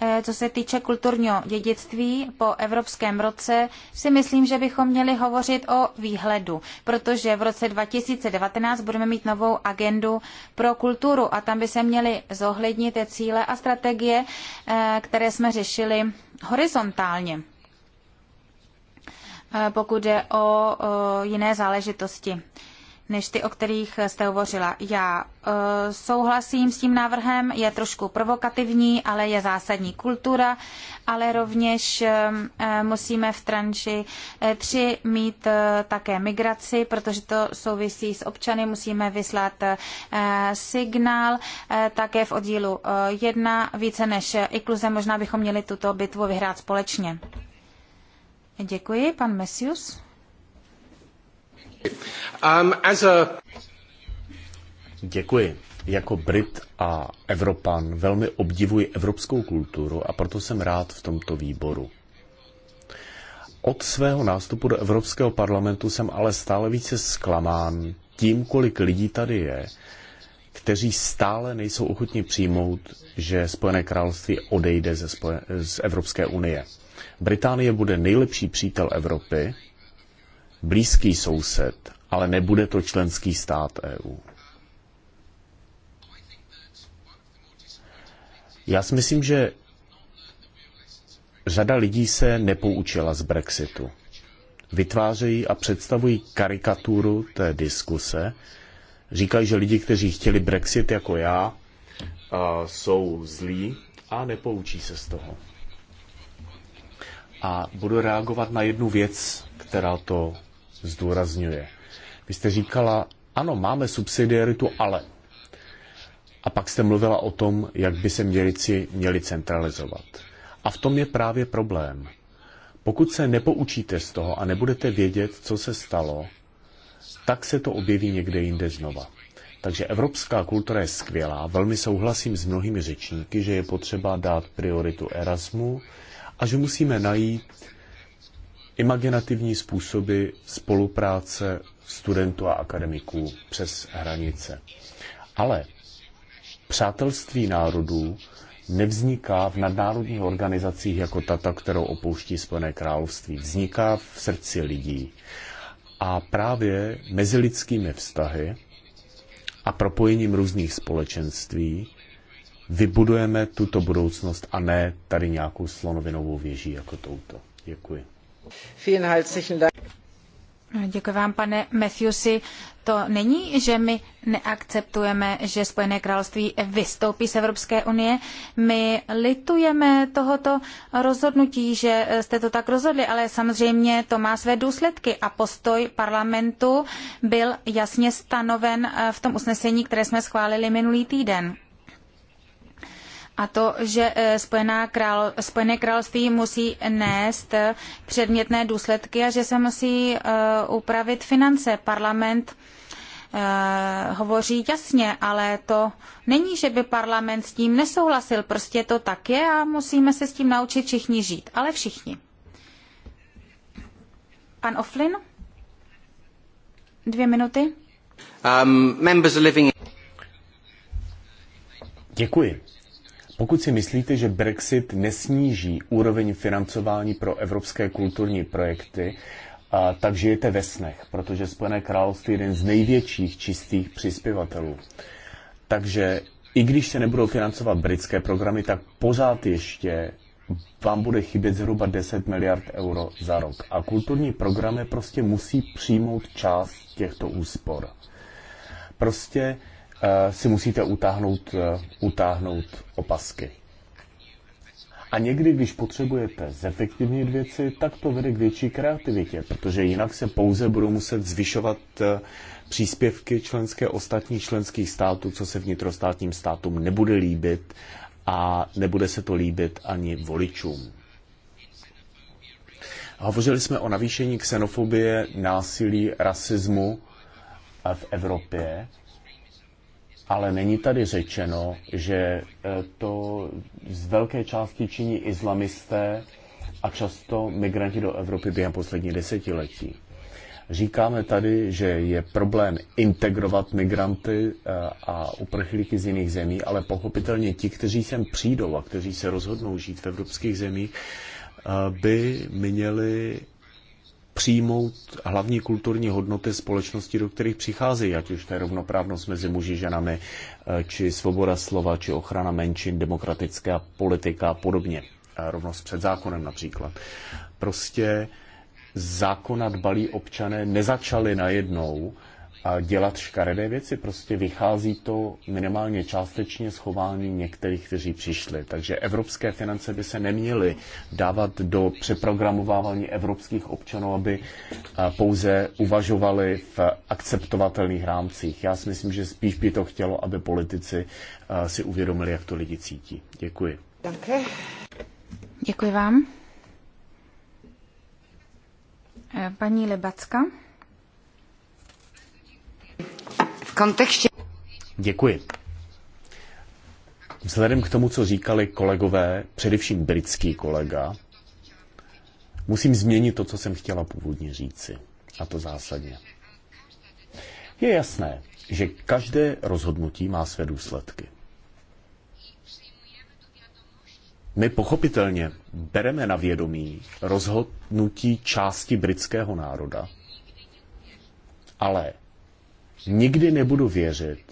Eh, co se týče kulturního dědictví po Evropském roce, si myslím, že bychom měli hovořit o výhledu, protože v roce 2019 budeme mít novou agendu pro kulturu a tam by se měly zohlednit cíle a strategie, eh, které jsme řešili horizontálně eh, pokud jde o jiné záležitosti než ty, o kterých jste hovořila. Já eh, souhlasím s tím návrhem, je trošku provokativní, ale je zásadní kultura, ale rovněž eh, eh, musíme v tranši 3 mít také migraci, protože to souvisí s občany, musíme vyslat signál také v oddílu 1, více než ikluze, možná bychom měli tuto bitvu vyhrát společně. Děkuji, pan Messius. Um, as a... Děkuji. Jako Brit a Evropan velmi obdivuji evropskou kulturu a proto jsem rád v tomto výboru. Od svého nástupu do Evropského parlamentu jsem ale stále více zklamán tím, kolik lidí tady je, kteří stále nejsou ochotni přijmout, že Spojené království odejde ze, spoje, z Evropské unie. Británie bude nejlepší přítel Evropy, blízký soused, ale nebude to členský stát EU. Já si myslím, že řada lidí se nepoučila z Brexitu. Vytvářejí a představují karikaturu té diskuse. Říkají, že lidi, kteří chtěli Brexit jako já, jsou zlí a nepoučí se z toho. A budu reagovat na jednu věc, která to zdůrazňuje. Vy jste říkala, ano, máme subsidiaritu, ale. A pak jste mluvila o tom, jak by se mělici měli centralizovat. A v tom je právě problém. Pokud se nepoučíte z toho a nebudete vědět, co se stalo, tak se to objeví někde jinde znova. Takže evropská kultura je skvělá, velmi souhlasím s mnohými řečníky, že je potřeba dát prioritu Erasmu a že musíme najít imaginativní způsoby spolupráce studentů a akademiků přes hranice. Ale přátelství národů nevzniká v nadnárodních organizacích jako tata, kterou opouští Spojené království. Vzniká v srdci lidí. A právě mezilidskými vztahy a propojením různých společenství vybudujeme tuto budoucnost a ne tady nějakou slonovinovou věží jako touto. Děkuji. Děkuji vám, pane Matthewsi. To není, že my neakceptujeme, že Spojené království vystoupí z Evropské unie. My litujeme tohoto rozhodnutí, že jste to tak rozhodli, ale samozřejmě to má své důsledky a postoj parlamentu byl jasně stanoven v tom usnesení, které jsme schválili minulý týden a to, že e, Spojená král, Spojené království musí nést e, předmětné důsledky a že se musí e, upravit finance. Parlament hovoří jasně, ale to není, že by parlament s tím nesouhlasil, prostě to tak je a musíme se s tím naučit všichni žít, ale všichni. Pan Oflin? Dvě minuty. Um, Děkuji. Pokud si myslíte, že Brexit nesníží úroveň financování pro evropské kulturní projekty, a, tak žijete ve snech, protože Spojené království je jeden z největších čistých přispěvatelů. Takže i když se nebudou financovat britské programy, tak pořád ještě vám bude chybět zhruba 10 miliard euro za rok. A kulturní programy prostě musí přijmout část těchto úspor. Prostě Eh, si musíte utáhnout, eh, utáhnout opasky. A někdy, když potřebujete zefektivnit věci, tak to vede k větší kreativitě, protože jinak se pouze budou muset zvyšovat eh, příspěvky členské ostatních členských států, co se vnitrostátním státům nebude líbit a nebude se to líbit ani voličům. Hovořili jsme o navýšení xenofobie, násilí, rasismu v Evropě ale není tady řečeno, že eh, to z velké části činí islamisté a často migranti do Evropy během poslední desetiletí. Říkáme tady, že je problém integrovat migranty eh, a uprchlíky z jiných zemí, ale pochopitelně ti, kteří sem přijdou a kteří se rozhodnou žít v evropských zemích, eh, by měli přijmout hlavní kulturní hodnoty společnosti, do kterých přicházejí, ať už to je rovnoprávnost mezi muži, ženami, eh, či svoboda slova, či ochrana menšin, demokratická politika a podobně. A rovnost před zákonem například. Prostě zákona dbalí občané nezačali najednou, dělat škaredé věci. Prostě vychází to minimálně částečně schování některých, kteří přišli. Takže evropské finance by se neměly dávat do přeprogramovávání evropských občanů, aby pouze uvažovali v akceptovatelných rámcích. Já si myslím, že spíš by to chtělo, aby politici si uvědomili, jak to lidi cítí. Děkuji. Danke. Děkuji vám. E, paní Lebacka. V kontextě... Děkuji. Vzhledem k tomu, co říkali kolegové, především britský kolega, musím změnit to, co jsem chtěla původně říci. A to zásadně. Je jasné, že každé rozhodnutí má své důsledky. My pochopitelně bereme na vědomí rozhodnutí části britského národa, ale nikdy nebudu věřit,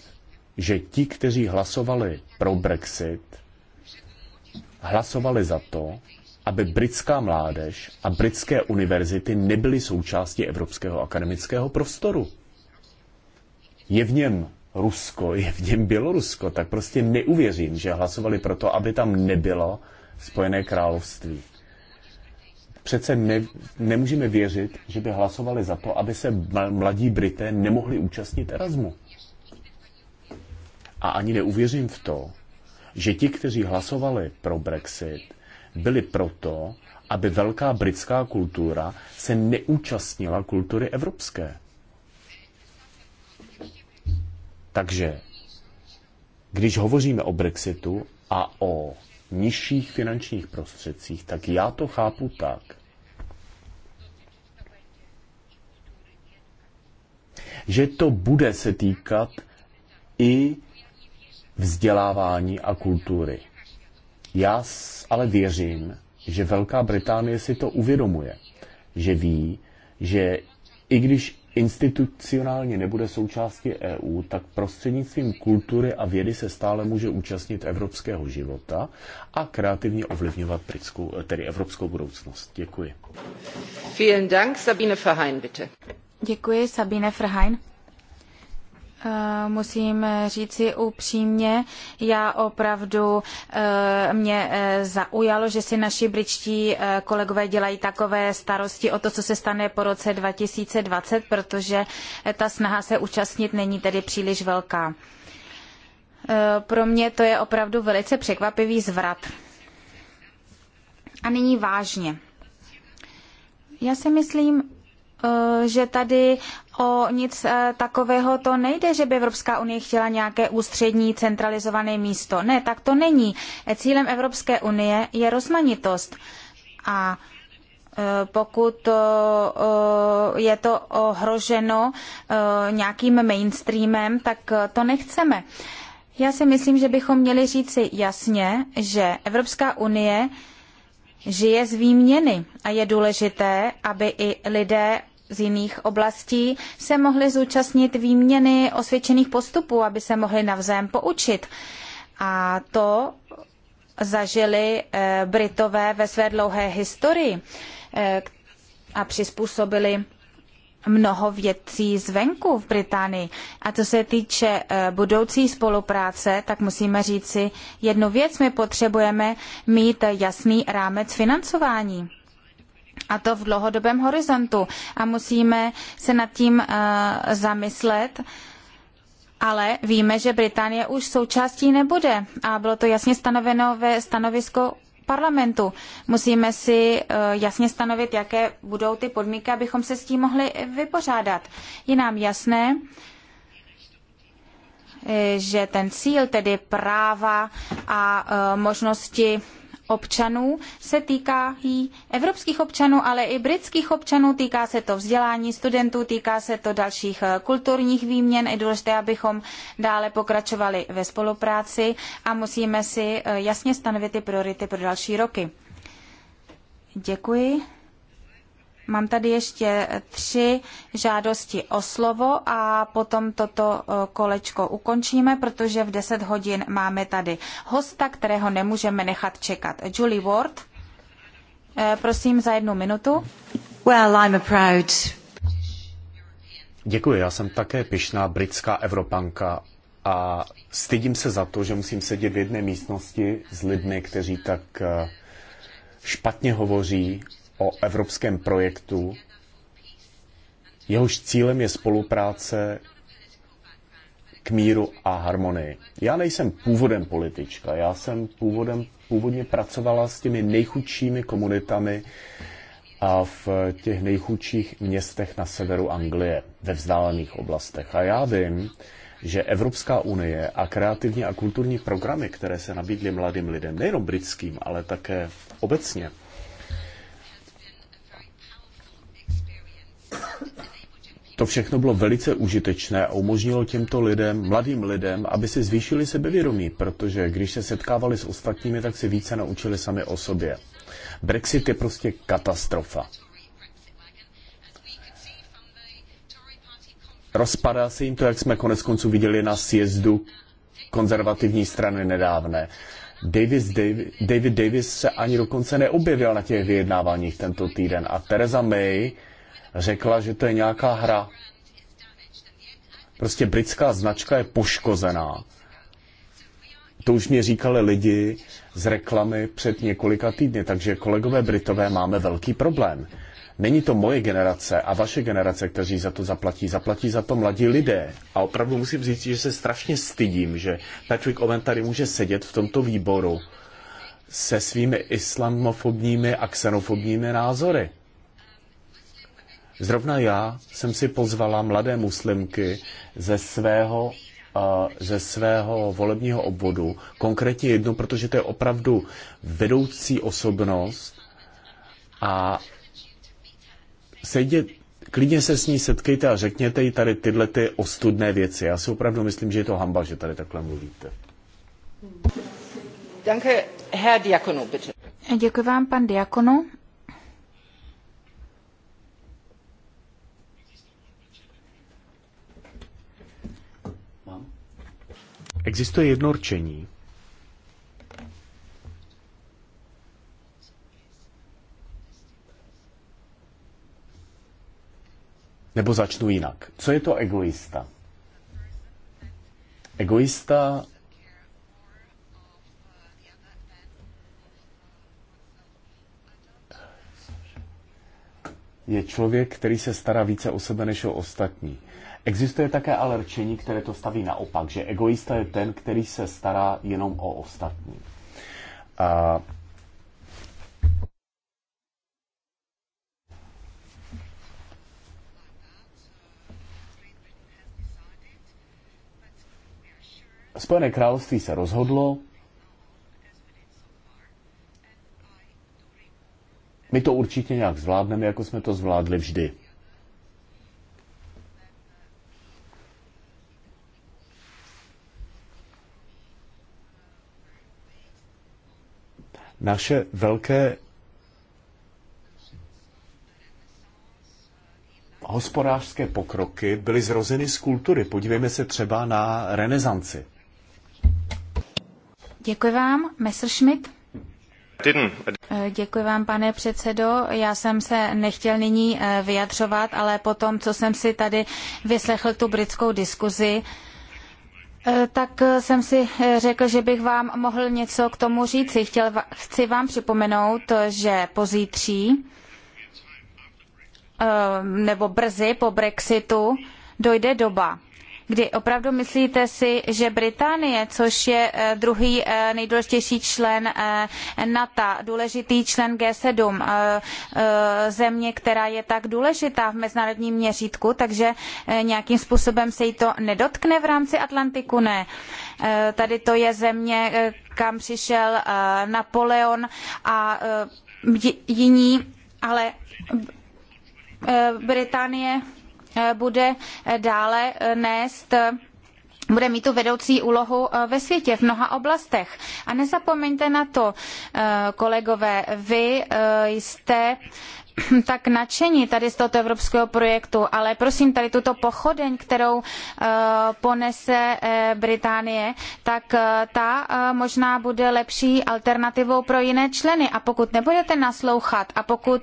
že ti, kteří hlasovali pro Brexit, hlasovali za to, aby britská mládež a britské univerzity nebyly součástí evropského akademického prostoru. Je v něm Rusko, je v něm Bělorusko, tak prostě neuvěřím, že hlasovali pro to, aby tam nebylo Spojené království přece ne, nemůžeme věřit, že by hlasovali za to, aby se mladí Brité nemohli účastnit Erasmu. A ani neuvěřím v to, že ti, kteří hlasovali pro Brexit, byli proto, aby velká britská kultura se neúčastnila kultury evropské. Takže, když hovoříme o Brexitu a o nižších finančních prostředcích, tak já to chápu tak, že to bude se týkat i vzdělávání a kultury. Já ale věřím, že Velká Británie si to uvědomuje, že ví, že i když institucionálně nebude součástí EU, tak prostřednictvím kultury a vědy se stále může účastnit evropského života a kreativně ovlivňovat britskou, tedy evropskou budoucnost. Děkuji. Vielen Dank, Sabine Verheyen, bitte. Děkuji, Sabine Verheyen. Eh, musím eh, říci upřímně, já opravdu eh, mě zaujalo, že si naši britští kolegové dělají takové starosti o to, co se stane po roce 2020, protože ta snaha se účastnit není tedy příliš velká. Pro mě to je opravdu velice překvapivý zvrat. A nyní vážně. Já si myslím, že tady o nic e, takového to nejde, že by Evropská unie chtěla nějaké ústřední centralizované místo. Ne, tak to není. E, cílem Evropské unie je rozmanitost. A e, pokud je to ohroženo nějakým mainstreamem, tak to nechceme. Já si myslím, že bychom měli říci jasně, že Evropská unie žije z výměny a je důležité, aby i lidé z jiných oblastí se mohli zúčastnit výměny osvědčených postupů, aby se mohli navzájem poučit. A to zažili eh, Britové ve své dlouhé historii eh, a přizpůsobili mnoho věcí zvenku v Británii. A co se týče eh, budoucí spolupráce, tak musíme říci jednu věc. My potřebujeme mít jasný rámec financování a to v dlouhodobém horizontu. A musíme se nad tím eh, zamyslet, ale víme, že Británie už součástí nebude a bylo to jasně stanoveno ve stanovisku parlamentu. Musíme si eh, jasně stanovit, jaké budou ty podmínky, abychom se s tím mohli vypořádat. Je nám jasné, eh, že ten cíl, tedy práva a možnosti občanů, se týká i evropských občanů, ale i britských občanů, týká se to vzdělání studentů, týká se to dalších eh, kulturních výměn. Je důležité, abychom dále pokračovali ve spolupráci a musíme si eh, jasně stanovit ty priority pro další roky. Děkuji. Mám tady ještě tři žádosti o slovo a potom toto eh, kolečko ukončíme, protože v 10 hodin máme tady hosta, kterého nemůžeme nechat čekat. Julie Ward, eh, prosím za jednu minutu. Well, I'm a proud. Děkuji, já jsem také pišná britská evropanka a stydím se za to, že musím sedět v jedné místnosti s lidmi, kteří tak eh, špatně hovoří o evropském projektu, jehož cílem je spolupráce k míru a harmonii. Já nejsem původem politička, já jsem původem, původně pracovala s těmi nejchudšími komunitami a v těch nejchudších městech na severu Anglie, ve vzdálených oblastech. A já vím, že Evropská unie a kreativní a kulturní programy, které se nabídly mladým lidem, nejenom britským, ale také obecně To všechno bylo velice užitečné a umožnilo těmto lidem, mladým lidem, aby si zvýšili sebevědomí, protože když se setkávali s ostatními, tak si více naučili sami o sobě. Brexit je prostě katastrofa. Rozpadá se jim to, jak jsme konec konců viděli na sjezdu konzervativní strany nedávné. Davis, David, David Davis se ani dokonce neobjevil na těch vyjednáváních tento týden a Theresa May řekla, že to je nějaká hra. Prostě britská značka je poškozená. To už mě říkali lidi z reklamy před několika týdny, takže kolegové Britové máme velký problém. Není to moje generace a vaše generace, kteří za to zaplatí. Zaplatí za to mladí lidé. A opravdu musím říct, že se strašně stydím, že Patrick Owen tady může sedět v tomto výboru se svými islamofobními a xenofobními názory. Zrovna já jsem si pozvala mladé muslimky ze svého ze svého volebního obvodu, konkrétně jednu, protože to je opravdu vedoucí osobnost a sejdě, klidně se s ní setkejte a řekněte jí tady tyhle ty ostudné věci. Já si opravdu myslím, že je to hamba, že tady takhle mluvíte. Děkuji vám, pan Diakonu. Existuje jednorčení. Nebo začnu jinak. Co je to egoista? Egoista je člověk, který se stará více o sebe než o ostatní. Existuje také ale rčení, které to staví naopak, že egoista je ten, který se stará jenom o ostatní. A Spojené království se rozhodlo, my to určitě nějak zvládneme, jako jsme to zvládli vždy. Naše velké hospodářské pokroky byly zrozeny z kultury. Podívejme se třeba na renesanci. Děkuji vám, Messerschmidt. Eh, děkuji vám, pane předsedo. Já jsem se nechtěl nyní eh, vyjadřovat, ale po tom, co jsem si tady vyslechl tu britskou diskuzi, Eh, tak eh, jsem si eh, řekl, že bych vám mohl něco k tomu říci. Chtěl, chci vám připomenout, že pozítří nebo brzy po Brexitu dojde doba, kdy opravdu myslíte si, že Británie, což je eh, druhý eh, nejdůležitější člen eh, NATO, důležitý člen G7, země, která je tak důležitá v mezinárodním měřítku, takže nějakým způsobem se jí to nedotkne v rámci Atlantiku, ne. Tady to je země, kam přišel Napoleon a jiní, ale Británie Eh, bude eh, dále eh, nést bude mít tu vedoucí úlohu ve světě v mnoha oblastech. A nezapomeňte na to, kolegové, vy jste tak nadšení tady z tohoto evropského projektu, ale prosím, tady tuto pochodeň, kterou ponese Británie, tak ta možná bude lepší alternativou pro jiné členy. A pokud nebudete naslouchat a pokud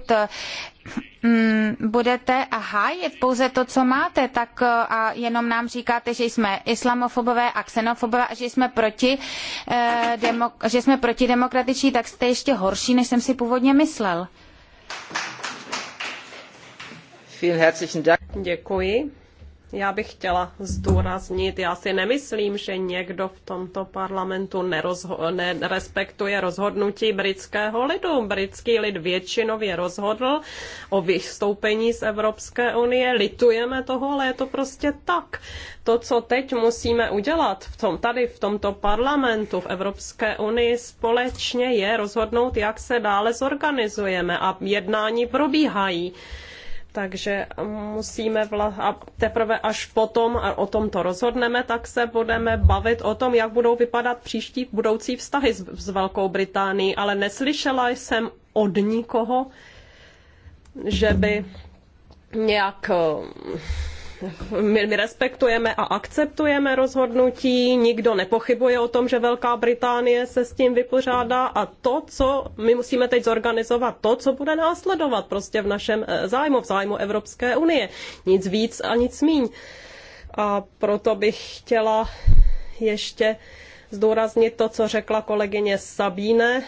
Mm, budete a hájit pouze to, co máte, tak eh, a jenom nám říkáte, že jsme islamofobové a xenofobové a že jsme proti, eh, že jsme proti tak jste ještě horší, než jsem si původně myslel. Děkuji. Já bych chtěla zdůraznit, já si nemyslím, že někdo v tomto parlamentu nerozho- nerespektuje rozhodnutí britského lidu. Britský lid většinově rozhodl o vystoupení z Evropské unie. Litujeme toho, ale je to prostě tak. To, co teď musíme udělat v tom, tady v tomto parlamentu v Evropské unii společně je rozhodnout, jak se dále zorganizujeme a jednání probíhají takže musíme vla- a teprve až potom a o tom to rozhodneme, tak se budeme bavit o tom, jak budou vypadat příští budoucí vztahy s, s Velkou Británií, ale neslyšela jsem od nikoho, že by nějak my, my respektujeme a akceptujeme rozhodnutí, nikdo nepochybuje o tom, že Velká Británie se s tím vypořádá a to, co my musíme teď zorganizovat, to, co bude následovat prostě v našem eh, zájmu, v zájmu Evropské unie. Nic víc a nic míň. A proto bych chtěla ještě zdůraznit to, co řekla kolegyně Sabine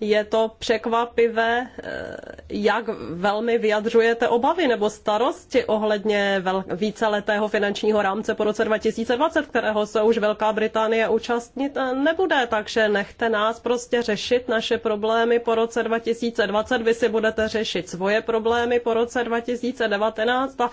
je to překvapivé, eh, jak velmi vyjadřujete obavy nebo starosti ohledně víceletého finančního rámce po roce 2020, kterého se už Velká Británie účastnit eh, nebude, takže nechte nás prostě řešit naše problémy po roce 2020, vy si budete řešit svoje problémy po roce 2019 a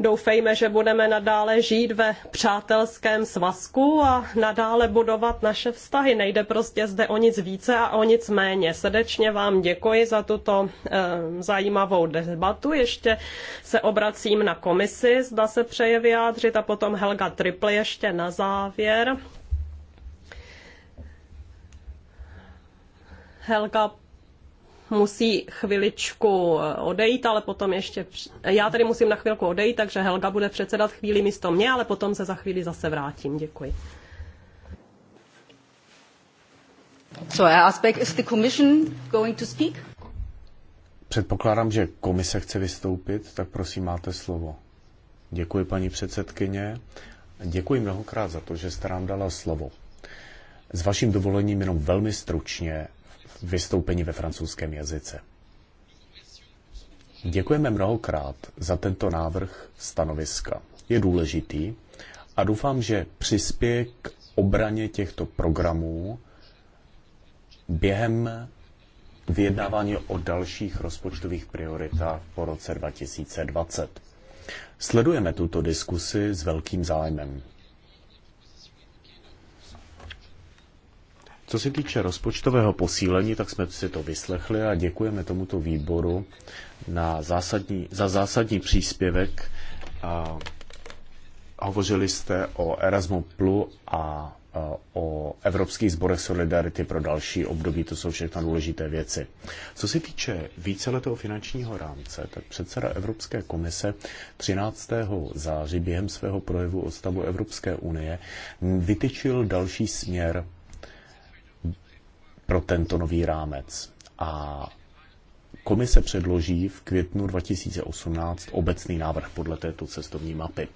doufejme, že budeme nadále žít ve přátelském svazku a nadále budovat naše vztahy. Nejde prostě zde o nic více a o nic méně Nicméně srdečně vám děkuji za tuto eh, zajímavou debatu. Ještě se obracím na komisi, zda se přeje vyjádřit a potom Helga Triple ještě na závěr. Helga musí chviličku eh, odejít, ale potom ještě... Já tady musím na chvilku odejít, takže Helga bude předsedat chvíli místo mě, ale potom se za chvíli zase vrátím. Děkuji. So I ask back, is the commission going to speak? Předpokládám, že komise chce vystoupit, tak prosím, máte slovo. Děkuji, paní předsedkyně. Děkuji mnohokrát za to, že jste nám dala slovo. S vaším dovolením jenom velmi stručně vystoupení ve francouzském jazyce. Děkujeme mnohokrát za tento návrh stanoviska. Je důležitý a doufám, že přispěje k obraně těchto programů, během vyjednávání o dalších rozpočtových prioritách po roce 2020. Sledujeme tuto diskusi s velkým zájmem. Co se týče rozpočtového posílení, tak jsme si to vyslechli a děkujeme tomuto výboru na zásadní, za zásadní příspěvek. A hovořili jste o Erasmu Plu a o Evropských sborech Solidarity pro další období. To jsou všechno důležité věci. Co se týče víceletého finančního rámce, tak předseda Evropské komise 13. září během svého projevu o stavu Evropské unie vytyčil další směr pro tento nový rámec. A komise předloží v květnu 2018 obecný návrh podle této cestovní mapy.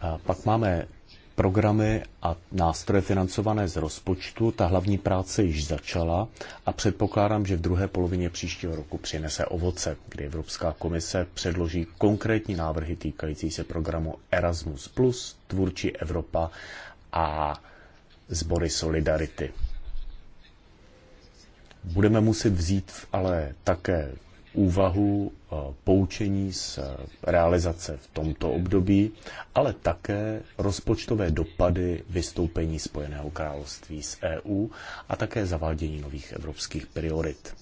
A pak máme programy a nástroje financované z rozpočtu. Ta hlavní práce již začala a předpokládám, že v druhé polovině příštího roku přinese ovoce, kdy Evropská komise předloží konkrétní návrhy týkající se programu Erasmus+, Tvůrčí Evropa a Zbory Solidarity. Budeme muset vzít ale také úvahu eh, poučení z realizace v tomto období, ale také rozpočtové dopady vystoupení Spojeného království z EU a také zavádění nových evropských priorit.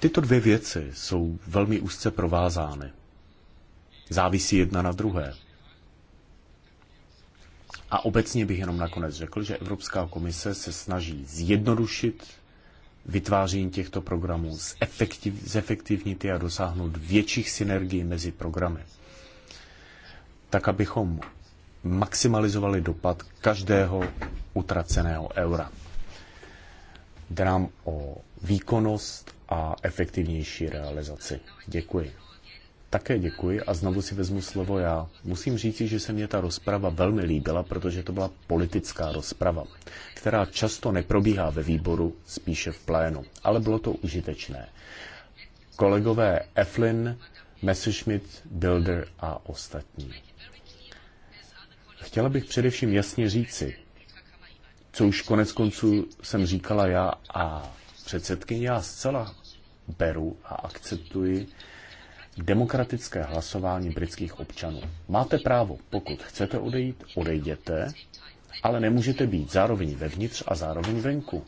Tyto dvě věci jsou velmi úzce provázány. Závisí jedna na druhé. A obecně bych jenom nakonec řekl, že Evropská komise se snaží zjednodušit vytváření těchto programů, zefektiv, zefektivnit je a dosáhnout větších synergií mezi programy. Tak, abychom maximalizovali dopad každého utraceného eura. Jde nám o výkonnost a efektivnější realizaci. Děkuji. Také děkuji a znovu si vezmu slovo já. Musím říci, že se mě ta rozprava velmi líbila, protože to byla politická rozprava, která často neprobíhá ve výboru, spíše v plénu, ale bylo to užitečné. Kolegové Eflin, Messerschmitt, Bilder a ostatní. Chtěla bych především jasně říci, co už konec konců jsem říkala já a předsedkyně, já zcela beru a akceptuji demokratické hlasování britských občanů. Máte právo, pokud chcete odejít, odejděte, ale nemůžete být zároveň vevnitř a zároveň venku.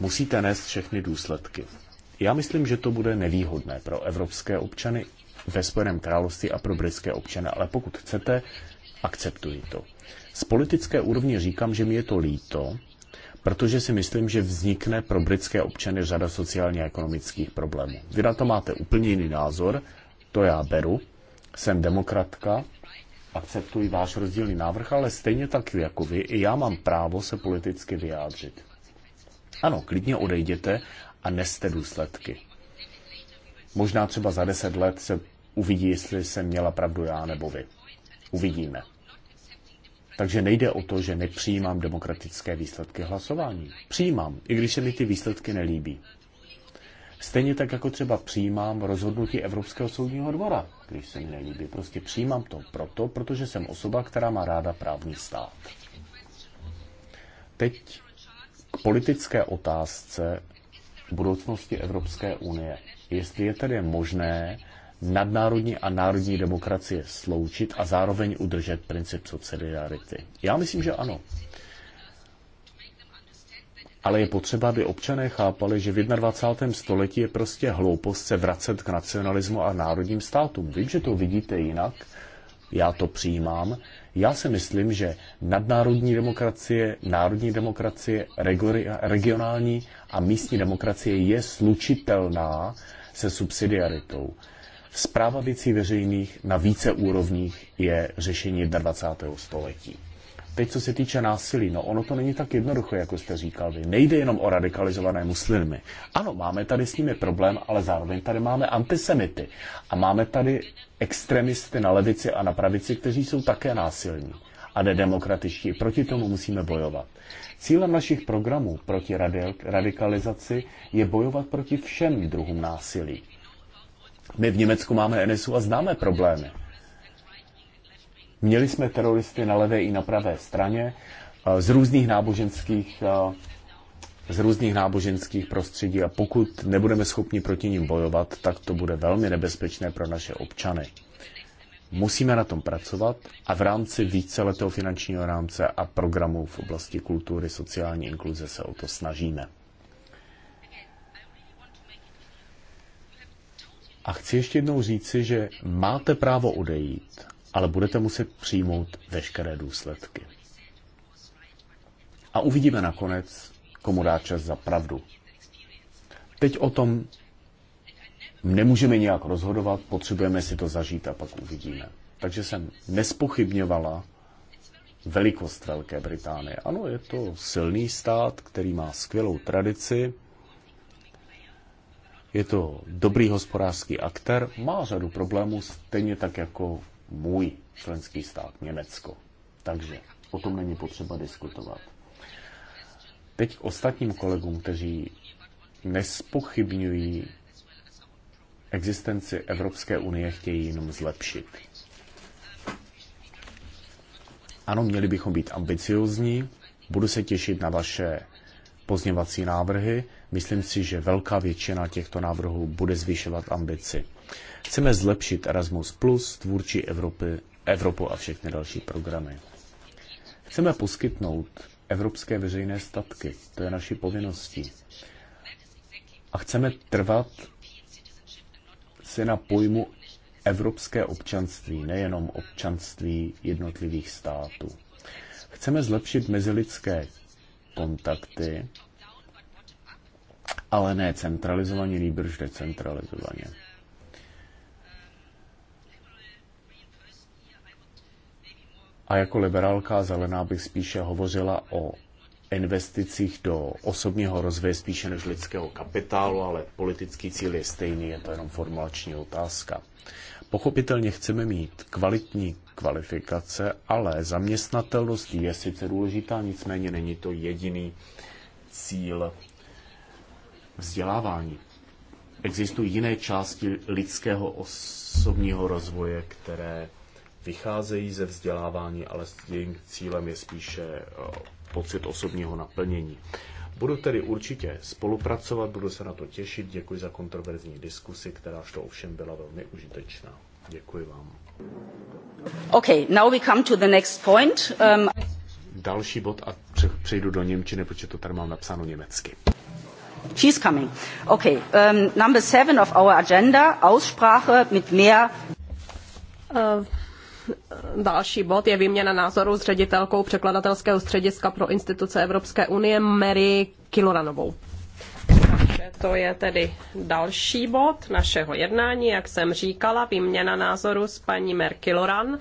Musíte nést všechny důsledky. Já myslím, že to bude nevýhodné pro evropské občany ve Spojeném království a pro britské občany, ale pokud chcete, akceptuji to. Z politické úrovně říkám, že mi je to líto, protože si myslím, že vznikne pro britské občany řada sociálně ekonomických problémů. Vy na to máte úplně jiný názor, to já beru. Jsem demokratka, akceptuji váš rozdílný návrh, ale stejně tak jako vy, i já mám právo se politicky vyjádřit. Ano, klidně odejděte a neste důsledky. Možná třeba za deset let se uvidí, jestli jsem měla pravdu já nebo vy. Uvidíme. Takže nejde o to, že nepřijímám demokratické výsledky hlasování. Přijímám, i když se mi ty výsledky nelíbí. Stejně tak, jako třeba přijímám rozhodnutí Evropského soudního dvora, když se mi nelíbí. Prostě přijímám to proto, protože jsem osoba, která má ráda právní stát. Teď k politické otázce budoucnosti Evropské unie. Jestli je tedy možné nadnárodní a národní demokracie sloučit a zároveň udržet princip subsidiarity? Já myslím, že ano. Ale je potřeba, aby občané chápali, že v 21. století je prostě hloupost se vracet k nacionalismu a národním státům. Vím, že to vidíte jinak, já to přijímám. Já si myslím, že nadnárodní demokracie, národní demokracie, regionální a místní demokracie je slučitelná se subsidiaritou. Zpráva věcí veřejných na více úrovních je řešení 21. století. Teď, co se týče násilí, no ono to není tak jednoduché, jako jste říkal vy. Nejde jenom o radikalizované muslimy. Ano, máme tady s nimi problém, ale zároveň tady máme antisemity. A máme tady extremisty na levici a na pravici, kteří jsou také násilní a nedemokratičtí. Proti tomu musíme bojovat. Cílem našich programů proti radikalizaci je bojovat proti všem druhům násilí. My v Německu máme NSU a známe problémy. Měli jsme teroristy na levé i na pravé straně eh, z různých náboženských eh, z různých náboženských prostředí a pokud nebudeme schopni proti ním bojovat, tak to bude velmi nebezpečné pro naše občany. Musíme na tom pracovat a v rámci víceletého finančního rámce a programů v oblasti kultury, sociální inkluze se o to snažíme. A chci ještě jednou říci, že máte právo odejít, ale budete muset přijmout veškeré důsledky. A uvidíme nakonec, komu dá čas za pravdu. Teď o tom nemůžeme nějak rozhodovat, potřebujeme si to zažít a pak uvidíme. Takže jsem nespochybňovala velikost Velké Británie. Ano, je to silný stát, který má skvělou tradici, je to dobrý hospodářský aktér, má řadu problémů stejně tak jako můj členský stát Německo. Takže o tom není potřeba diskutovat. Teď k ostatním kolegům, kteří nespochybňují existenci Evropské unie, chtějí jenom zlepšit. Ano, měli bychom být ambiciozní. Budu se těšit na vaše pozněvací návrhy. Myslím si, že velká většina těchto návrhů bude zvyšovat ambici. Chceme zlepšit Erasmus+, tvůrčí Evropy, Evropu a všechny další programy. Chceme poskytnout evropské veřejné statky. To je naší povinností. A chceme trvat se na pojmu evropské občanství, nejenom občanství jednotlivých států. Chceme zlepšit mezilidské kontakty ale ne centralizovaně, nejbrž decentralizovaně. A jako liberálka zelená bych spíše hovořila o investicích do osobního rozvoje spíše než lidského kapitálu, ale politický cíl je stejný, je to jenom formulační otázka. Pochopitelně chceme mít kvalitní kvalifikace, ale zaměstnatelnost je sice důležitá, nicméně není to jediný cíl vzdělávání. Existují jiné části lidského osobního rozvoje, které vycházejí ze vzdělávání, ale jejím cílem je spíše eh, pocit osobního naplnění. Budu tedy určitě spolupracovat, budu se na to těšit. Děkuji za kontroverzní diskusi, která to ovšem byla velmi užitečná. Děkuji vám. Okay, now we come to the next point. Um... Další bod a přejdu do Němčiny, protože to tady mám napsáno německy. She's coming. Okay. Um, number seven of our agenda, Aussprache mit mehr. Uh, další bod je výměna názoru s ředitelkou překladatelského střediska pro instituce Evropské unie Mary Kiloranovou. Takže to je tedy další bod našeho jednání, jak jsem říkala, výměna názoru s paní Mary Kiloran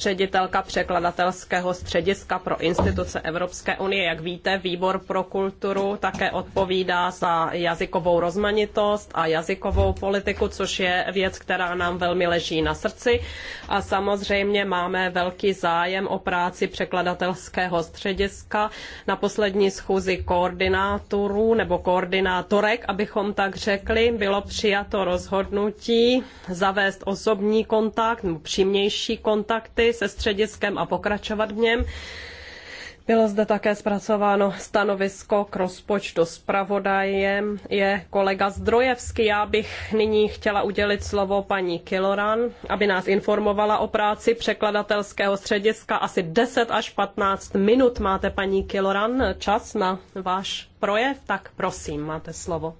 ředitelka překladatelského střediska pro instituce Evropské unie. Jak víte, výbor pro kulturu také odpovídá za jazykovou rozmanitost a jazykovou politiku, což je věc, která nám velmi leží na srdci. A samozřejmě máme velký zájem o práci překladatelského střediska. Na poslední schůzi koordinátorů nebo koordinátorek, abychom tak řekli, bylo přijato rozhodnutí zavést osobní kontakt, přímější kontakty se střediskem a pokračovat v něm. Bylo zde také zpracováno stanovisko k rozpočtu zpravodajem. Je kolega Zdrojevský. Já bych nyní chtěla udělit slovo paní Kiloran, aby nás informovala o práci překladatelského střediska. Asi 10 až 15 minut máte, paní Kiloran, čas na váš projev, tak prosím, máte slovo.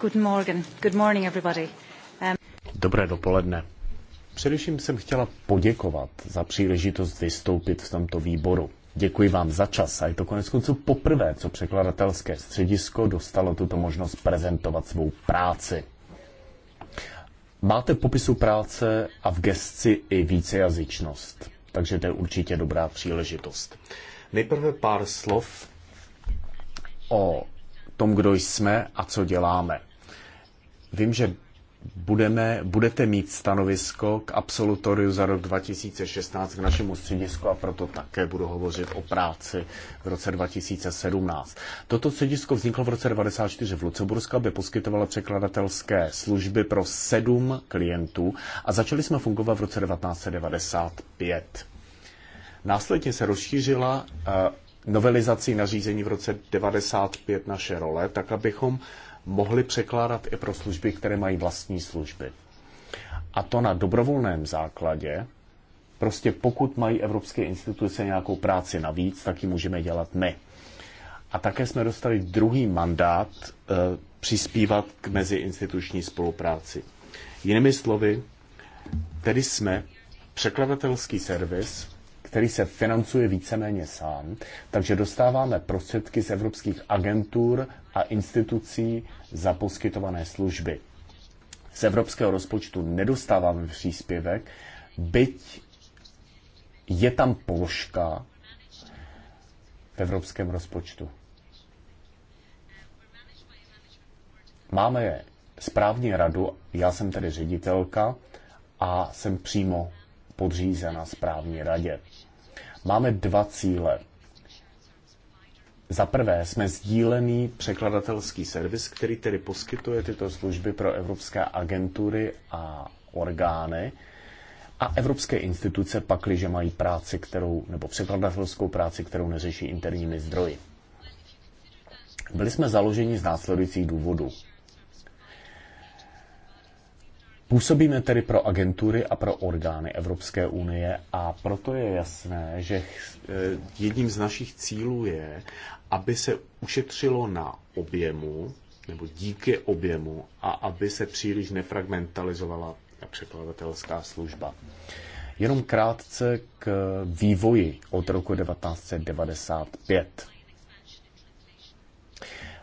Good morning. Good morning everybody. Um... Dobré dopoledne. Především jsem chtěla poděkovat za příležitost vystoupit v tomto výboru. Děkuji vám za čas a je to konec konců poprvé, co překladatelské středisko dostalo tuto možnost prezentovat svou práci. Máte v popisu práce a v gesci i vícejazyčnost, takže to je určitě dobrá příležitost. Nejprve pár slov o tom, kdo jsme a co děláme. Vím, že budeme, budete mít stanovisko k absolutoriu za rok 2016 k našemu středisku a proto také budu hovořit o práci v roce 2017. Toto středisko vzniklo v roce 1994 v Lucembursku, aby poskytovalo překladatelské služby pro sedm klientů a začali jsme fungovat v roce 1995. Následně se rozšířila eh, novelizací nařízení v roce 95 naše role, tak abychom mohli překládat i pro služby, které mají vlastní služby. A to na dobrovolném základě. Prostě pokud mají evropské instituce nějakou práci navíc, tak ji můžeme dělat my. A také jsme dostali druhý mandát e, přispívat k meziinstituční spolupráci. Jinými slovy, tedy jsme překladatelský servis, který se financuje víceméně sám, takže dostáváme prostředky z evropských agentur a institucí za poskytované služby. Z evropského rozpočtu nedostáváme příspěvek, byť je tam položka v evropském rozpočtu. Máme správní radu, já jsem tedy ředitelka a jsem přímo podřízena správní radě. Máme dva cíle. Za prvé jsme sdílený překladatelský servis, který tedy poskytuje tyto služby pro evropské agentury a orgány a evropské instituce že mají práci, kterou, nebo překladatelskou práci, kterou neřeší interními zdroji. Byli jsme založeni z následujících důvodů. Působíme tedy pro agentury a pro orgány Evropské unie a proto je jasné, že e, jedním z našich cílů je, aby se ušetřilo na objemu nebo díky objemu a aby se příliš nefragmentalizovala překladatelská služba. Jenom krátce k vývoji od roku 1995.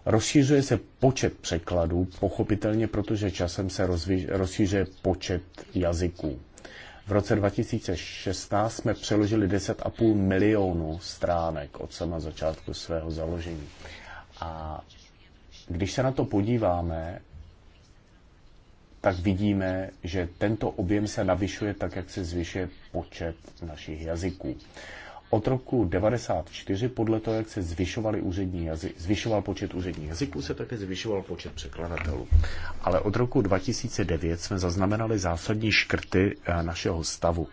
Rozšířuje se počet překladů, pochopitelně, protože časem se rozšířuje počet jazyků. V roce 2016 jsme přeložili 10,5 milionů stránek od sama začátku svého založení. A když se na to podíváme, tak vidíme, že tento objem se navyšuje tak, jak se zvyšuje počet našich jazyků od roku 1994, podle toho, jak se zvyšovali úřední jazy, zvyšoval počet úředních jazyků, se také zvyšoval počet překladatelů. Ale od roku 2009 jsme zaznamenali zásadní škrty eh, našeho stavu,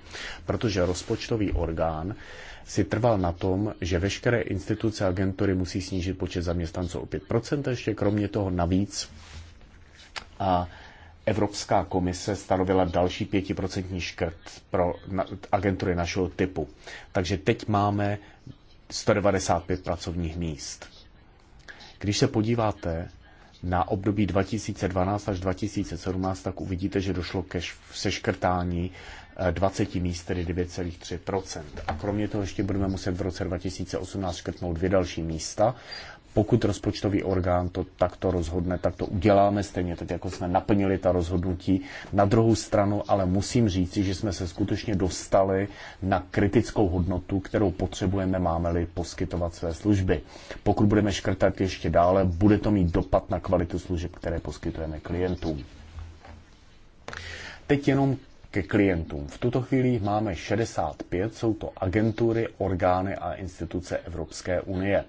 protože rozpočtový orgán si trval na tom, že veškeré instituce a agentury musí snížit počet zaměstnanců o 5%, a ještě kromě toho navíc a Evropská komise stanovila další pětiprocentní škrt pro agentury našeho typu. Takže teď máme 195 pracovních míst. Když se podíváte na období 2012 až 2017, tak uvidíte, že došlo ke seškrtání 20 eh, míst, tedy 9,3 A kromě toho ještě budeme muset v roce 2018 škrtnout dvě další místa pokud rozpočtový orgán to takto rozhodne, tak to uděláme stejně, tak jako jsme naplnili ta rozhodnutí. Na druhou stranu ale musím říci, že jsme se skutečně dostali na kritickou hodnotu, kterou potřebujeme, máme-li poskytovat své služby. Pokud budeme škrtat ještě dále, bude to mít dopad na kvalitu služeb, které poskytujeme klientům. Teď jenom ke klientům. V tuto chvíli máme 65, jsou to agentury, orgány a instituce Evropské unie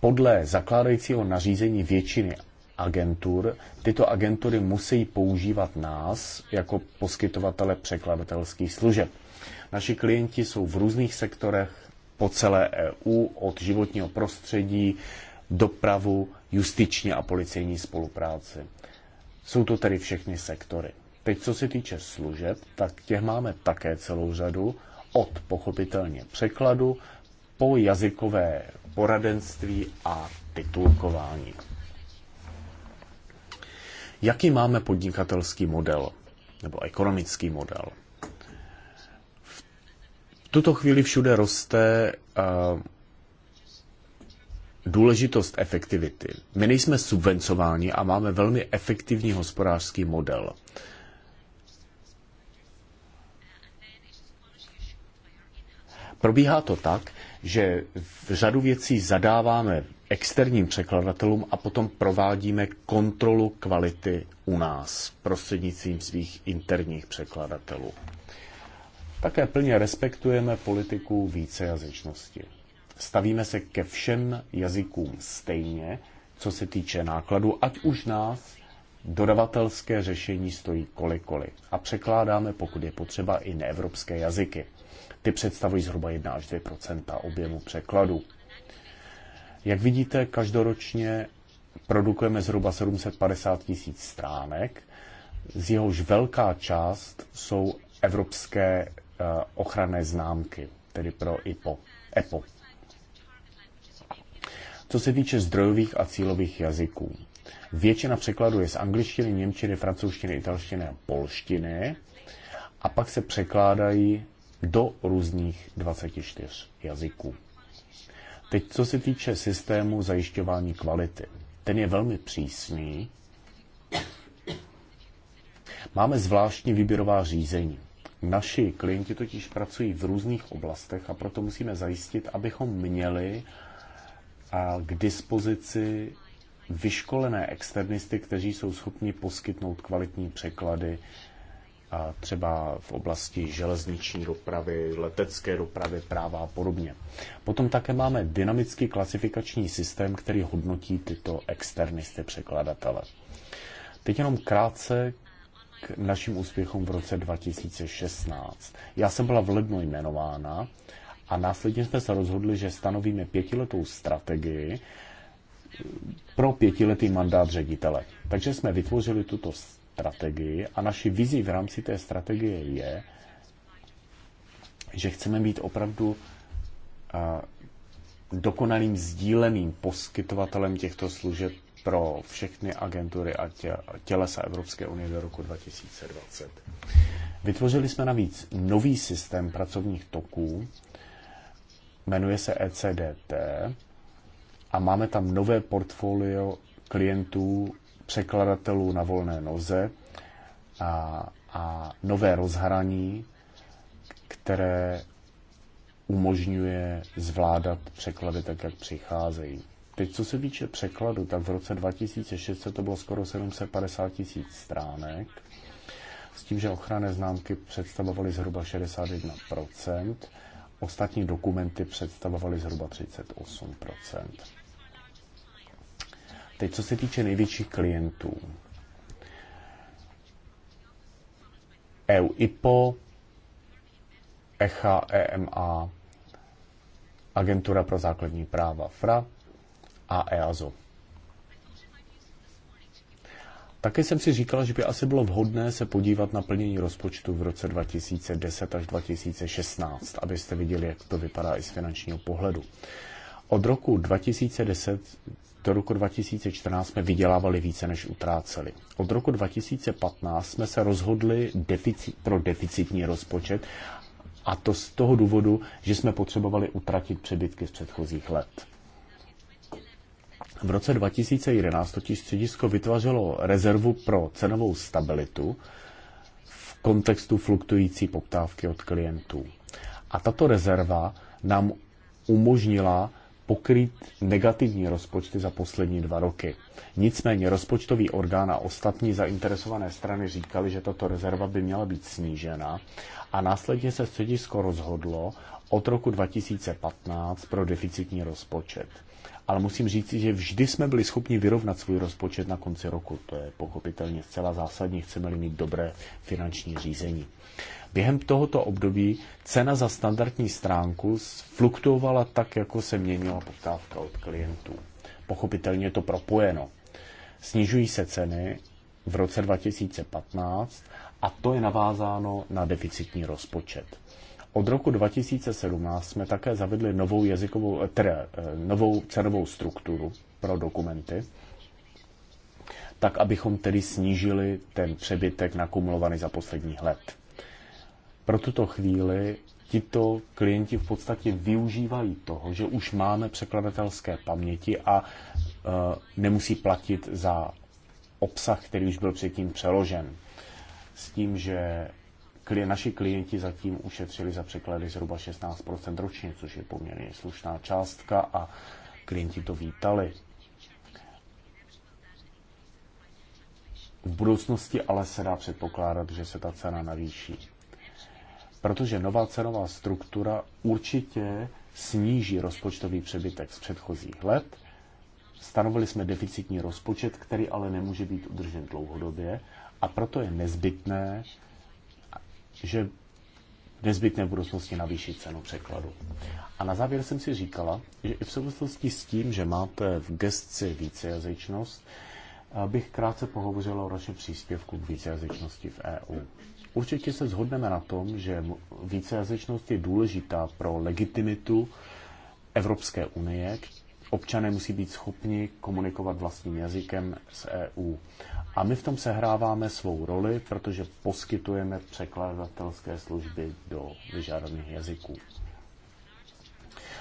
podle zakládajícího nařízení většiny agentur, tyto agentury musí používat nás jako poskytovatele překladatelských služeb. Naši klienti jsou v různých sektorech po celé EU, od životního prostředí, dopravu, justiční a policejní spolupráci. Jsou to tedy všechny sektory. Teď, co se týče služeb, tak těch máme také celou řadu, od pochopitelně překladu po jazykové poradenství a titulkování. Jaký máme podnikatelský model nebo ekonomický model? V tuto chvíli všude roste uh, důležitost efektivity. My nejsme subvencováni a máme velmi efektivní hospodářský model. Probíhá to tak, že v řadu věcí zadáváme externím překladatelům a potom provádíme kontrolu kvality u nás prostřednictvím svých interních překladatelů. Také plně respektujeme politiku vícejazyčnosti. Stavíme se ke všem jazykům stejně, co se týče nákladu, ať už nás dodavatelské řešení stojí kolikoliv. a překládáme, pokud je potřeba, i neevropské jazyky. Ty představují zhruba 1 až 2 objemu překladu. Jak vidíte, každoročně produkujeme zhruba 750 tisíc stránek, z jehož velká část jsou evropské eh, ochranné známky, tedy pro IPO, EPO. Co se týče zdrojových a cílových jazyků, většina překladů je z angličtiny, němčiny, francouzštiny, italštiny a polštiny a pak se překládají do různých 24 jazyků. Teď, co se týče systému zajišťování kvality. Ten je velmi přísný. Máme zvláštní výběrová řízení. Naši klienti totiž pracují v různých oblastech a proto musíme zajistit, abychom měli k dispozici vyškolené externisty, kteří jsou schopni poskytnout kvalitní překlady třeba v oblasti železniční dopravy, letecké dopravy, práva a podobně. Potom také máme dynamický klasifikační systém, který hodnotí tyto externisty překladatele. Teď jenom krátce k našim úspěchům v roce 2016. Já jsem byla v lednu jmenována a následně jsme se rozhodli, že stanovíme pětiletou strategii pro pětiletý mandát ředitele. Takže jsme vytvořili tuto strategii strategii a naší vizí v rámci té strategie je, že chceme být opravdu dokonalým sdíleným poskytovatelem těchto služeb pro všechny agentury a tělesa Evropské unie do roku 2020. Vytvořili jsme navíc nový systém pracovních toků, jmenuje se ECDT a máme tam nové portfolio klientů překladatelů na volné noze a, a nové rozhraní, které umožňuje zvládat překlady tak, jak přicházejí. Teď, co se týče překladu, tak v roce 2006 to bylo skoro 750 tisíc stránek, s tím, že ochranné známky představovaly zhruba 61%, ostatní dokumenty představovaly zhruba 38%. Teď, co se týče největších klientů. EU IPO, ECHA, e EMA, Agentura pro základní práva FRA a EASO. Také jsem si říkal, že by asi bylo vhodné se podívat na plnění rozpočtu v roce 2010 až 2016, abyste viděli, jak to vypadá i z finančního pohledu. Od roku 2010 do roku 2014 jsme vydělávali více, než utráceli. Od roku 2015 jsme se rozhodli deficit, pro deficitní rozpočet a to z toho důvodu, že jsme potřebovali utratit přebytky z předchozích let. V roce 2011 totiž středisko vytvořilo rezervu pro cenovou stabilitu v kontextu fluktující poptávky od klientů. A tato rezerva nám umožnila pokrýt negativní rozpočty za poslední dva roky. Nicméně rozpočtový orgán a ostatní zainteresované strany říkali, že tato rezerva by měla být snížena a následně se středisko rozhodlo od roku 2015 pro deficitní rozpočet. Ale musím říct, že vždy jsme byli schopni vyrovnat svůj rozpočet na konci roku. To je pochopitelně zcela zásadní, chceme-li mít dobré finanční řízení. Během tohoto období cena za standardní stránku fluktuovala tak, jako se měnila poptávka od klientů. Pochopitelně je to propojeno. Snižují se ceny v roce 2015 a to je navázáno na deficitní rozpočet. Od roku 2017 jsme také zavedli novou, jazykovou, tedy, eh, novou cenovou strukturu pro dokumenty, tak abychom tedy snížili ten přebytek nakumulovaný za posledních let pro tuto chvíli tito klienti v podstatě využívají toho, že už máme překladatelské paměti a e, nemusí platit za obsah, který už byl předtím přeložen. S tím, že naši klienti zatím ušetřili za překlady zhruba 16% ročně, což je poměrně slušná částka a klienti to vítali. V budoucnosti ale se dá předpokládat, že se ta cena navýší protože nová cenová struktura určitě sníží rozpočtový přebytek z předchozích let. Stanovili jsme deficitní rozpočet, který ale nemůže být udržen dlouhodobě a proto je nezbytné, že nezbytné v budoucnosti navýšit cenu překladu. A na závěr jsem si říkala, že i v souvislosti s tím, že máte v gestci vícejazyčnost, bych krátce pohovořila o vašem příspěvku k vícejazyčnosti v EU. Určitě se shodneme na tom, že vícejazyčnost je důležitá pro legitimitu Evropské unie. Občané musí být schopni komunikovat vlastním jazykem s EU. A my v tom sehráváme svou roli, protože poskytujeme překladatelské služby do vyžádaných jazyků.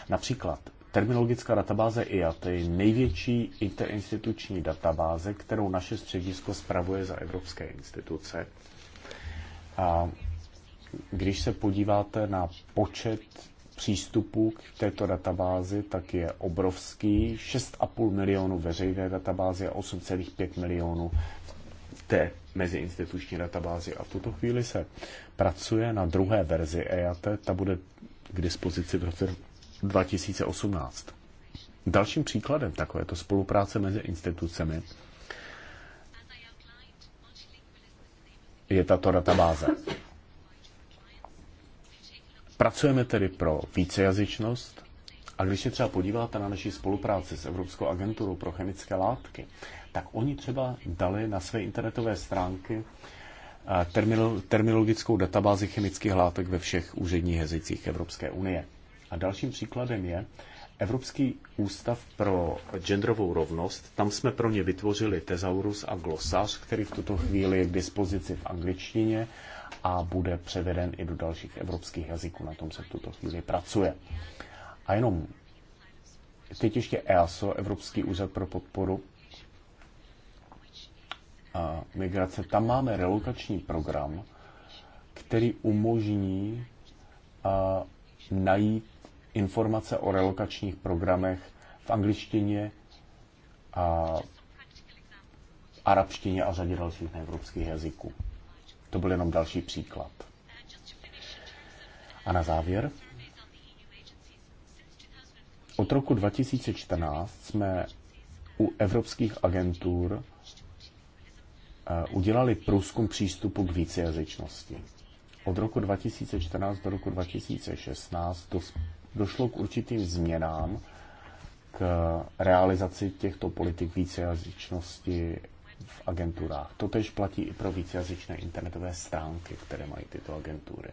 Například terminologická databáze IAT je největší interinstituční databáze, kterou naše středisko spravuje za evropské instituce a když se podíváte na počet přístupů k této databázi, tak je obrovský. 6,5 milionu veřejné databázy a 8,5 milionů té meziinstituční databázi. A v tuto chvíli se pracuje na druhé verzi EAT, ta bude k dispozici v roce 2018. Dalším příkladem takovéto spolupráce mezi institucemi je tato databáze. Pracujeme tedy pro vícejazyčnost a když se třeba podíváte na naši spolupráci s Evropskou agenturou pro chemické látky, tak oni třeba dali na své internetové stránky eh, terminologickou databázi chemických látek ve všech úředních jazycích Evropské unie. A dalším příkladem je, Evropský ústav pro genderovou rovnost, tam jsme pro ně vytvořili tezaurus a glosař, který v tuto chvíli je k dispozici v angličtině a bude převeden i do dalších evropských jazyků. Na tom se v tuto chvíli pracuje. A jenom teď ještě EASO, Evropský úřad pro podporu a migrace. Tam máme relokační program, který umožní a, najít informace o relokačních programech v angličtině a arabštině a řadě dalších neevropských jazyků. To byl jenom další příklad. A na závěr. Od roku 2014 jsme u evropských agentur eh, udělali průzkum přístupu k vícejazyčnosti. Od roku 2014 do roku 2016 došlo k určitým změnám, k realizaci těchto politik vícejazyčnosti v agenturách. To tež platí i pro vícejazyčné internetové stránky, které mají tyto agentury.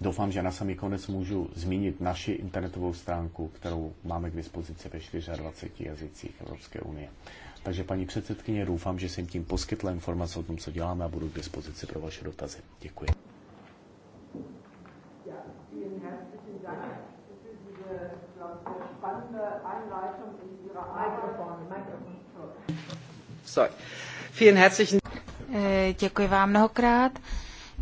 Doufám, že na samý konec můžu zmínit naši internetovou stránku, kterou máme k dispozici ve 24 jazycích Evropské unie. Takže paní předsedkyně, doufám, že jsem tím poskytla informace o tom, co děláme a budu k dispozici pro vaše dotazy. Děkuji. Dank für diese, glaube ich, spannende Einleitung in Ihre Sorry. Vielen herzlichen eh, Děkuji vám mnohokrát.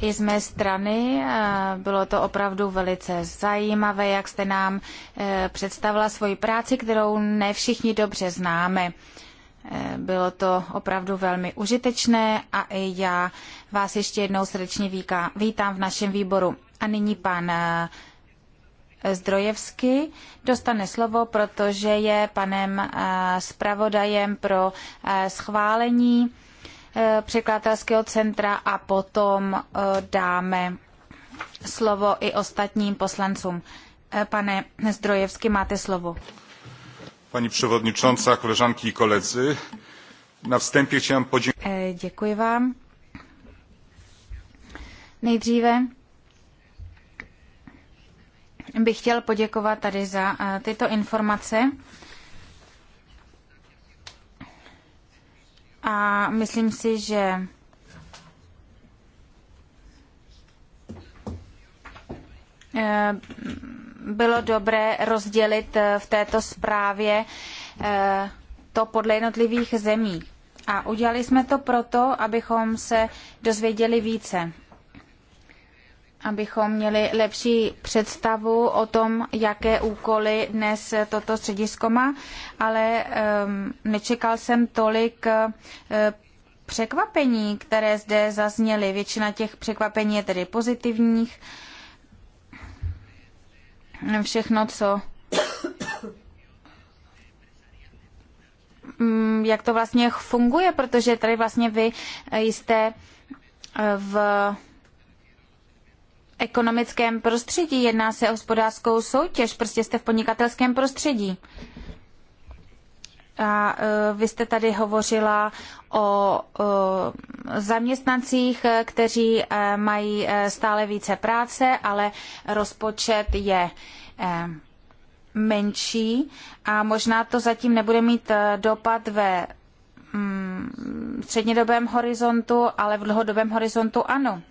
I z mé strany eh, bylo to opravdu velice zajímavé, jak jste nám eh, představila svoji práci, kterou ne všichni dobře známe. Bylo to opravdu velmi užitečné a i já vás ještě jednou srdečně vítám v našem výboru. A nyní pan Zdrojevsky dostane slovo, protože je panem eh, zpravodajem pro eh, schválení eh, překladatelského centra a potom dáme slovo i ostatním poslancům. Pane Zdrojevsky, máte slovo. Pani przewodnicząca, koleżanki i koledzy, na wstępie chciałem podziękować. Děkuji vám. Nejdříve bych chtěl poděkovat tady za eh, tyto informace. A myslím si, že eh, bylo dobré rozdělit eh, v této zprávě to podle jednotlivých zemí. A udělali jsme to proto, abychom se dozvěděli více abychom měli lepší představu o tom, jaké úkoly dnes toto středisko má, ale um, nečekal jsem tolik uh, překvapení, které zde zazněly. Většina těch překvapení je tedy pozitivních. Všechno, co mm, jak to vlastně funguje, protože tady vlastně vy jste eh, v ekonomickém prostředí, jedná se o hospodářskou soutěž, prostě jste v podnikatelském prostředí. A e, vy jste tady hovořila o zaměstnancích, kteří e, mají e, stále více práce, ale rozpočet je menší a možná to zatím nebude mít dopad ve mm, střednědobém horizontu, ale v dlouhodobém horizontu ano.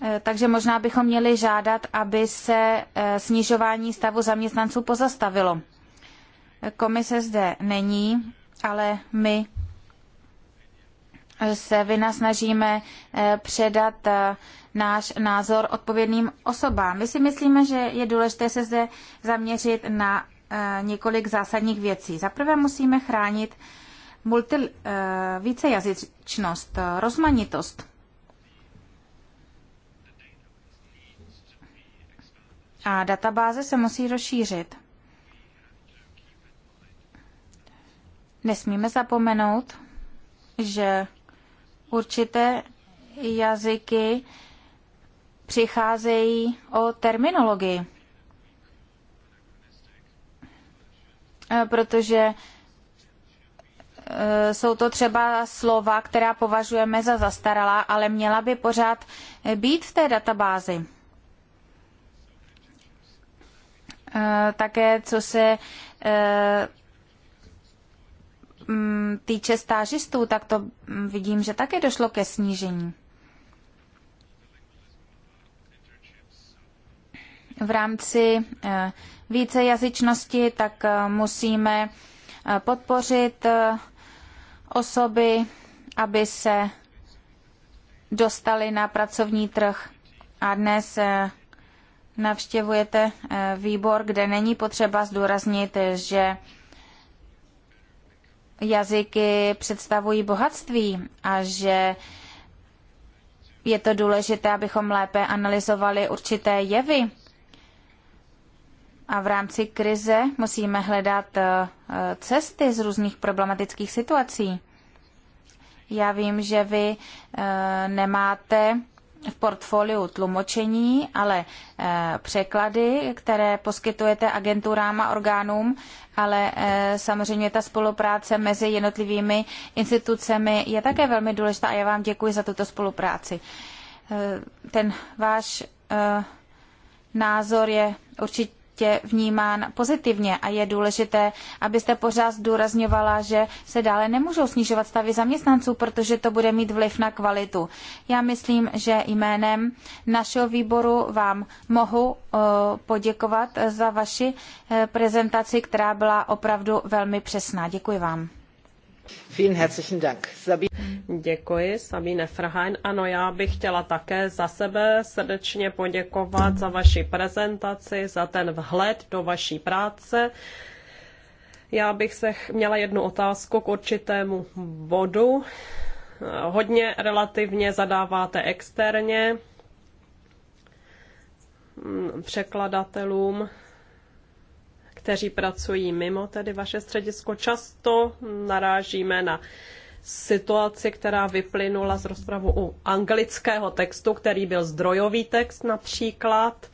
Eh, takže možná bychom měli žádat, aby se eh, snižování stavu zaměstnanců pozastavilo. Eh, komise zde není, ale my se vynasnažíme předat náš názor odpovědným osobám. My si myslíme, že je důležité se zde zaměřit na několik zásadních věcí. Za prvé musíme chránit multi, vícejazyčnost, rozmanitost a databáze se musí rozšířit. Nesmíme zapomenout, že určité jazyky přicházejí o terminologii. Protože eh, jsou to třeba slova, která považujeme za zastaralá, ale měla by pořád být v té databázi. Eh, také co se eh, mm, týče stážistů, tak to mm, vidím, že také došlo ke snížení. V rámci eh, vícejazyčnosti tak musíme podpořit osoby, aby se dostali na pracovní trh. A dnes navštěvujete eh, výbor, kde není potřeba zdůraznit, že jazyky představují bohatství a že je to důležité, abychom lépe analyzovali určité jevy. A v rámci krize musíme hledat eh, cesty z různých problematických situací. Já vím, že vy eh, nemáte v portfoliu tlumočení, ale eh, překlady, které poskytujete agenturám a orgánům, ale eh, samozřejmě ta spolupráce mezi jednotlivými institucemi je také velmi důležitá a já vám děkuji za tuto spolupráci. Eh, ten váš názor je určitě určitě vnímán pozitivně a je důležité, abyste pořád zdůrazňovala, že se dále nemůžou snižovat stavy zaměstnanců, protože to bude mít vliv na kvalitu. Já myslím, že jménem našeho výboru vám mohu eh, poděkovat za vaši eh, prezentaci, která byla opravdu velmi přesná. Děkuji vám. Děkuji, Sabine Frhain. Ano, já bych chtěla také za sebe srdečně poděkovat za vaši prezentaci, za ten vhled do vaší práce. Já bych se měla jednu otázku k určitému bodu. Hodně relativně zadáváte externě mm, překladatelům kteří pracují mimo tedy vaše středisko, často narážíme na situaci, která vyplynula z rozpravu u anglického textu, který byl zdrojový text například,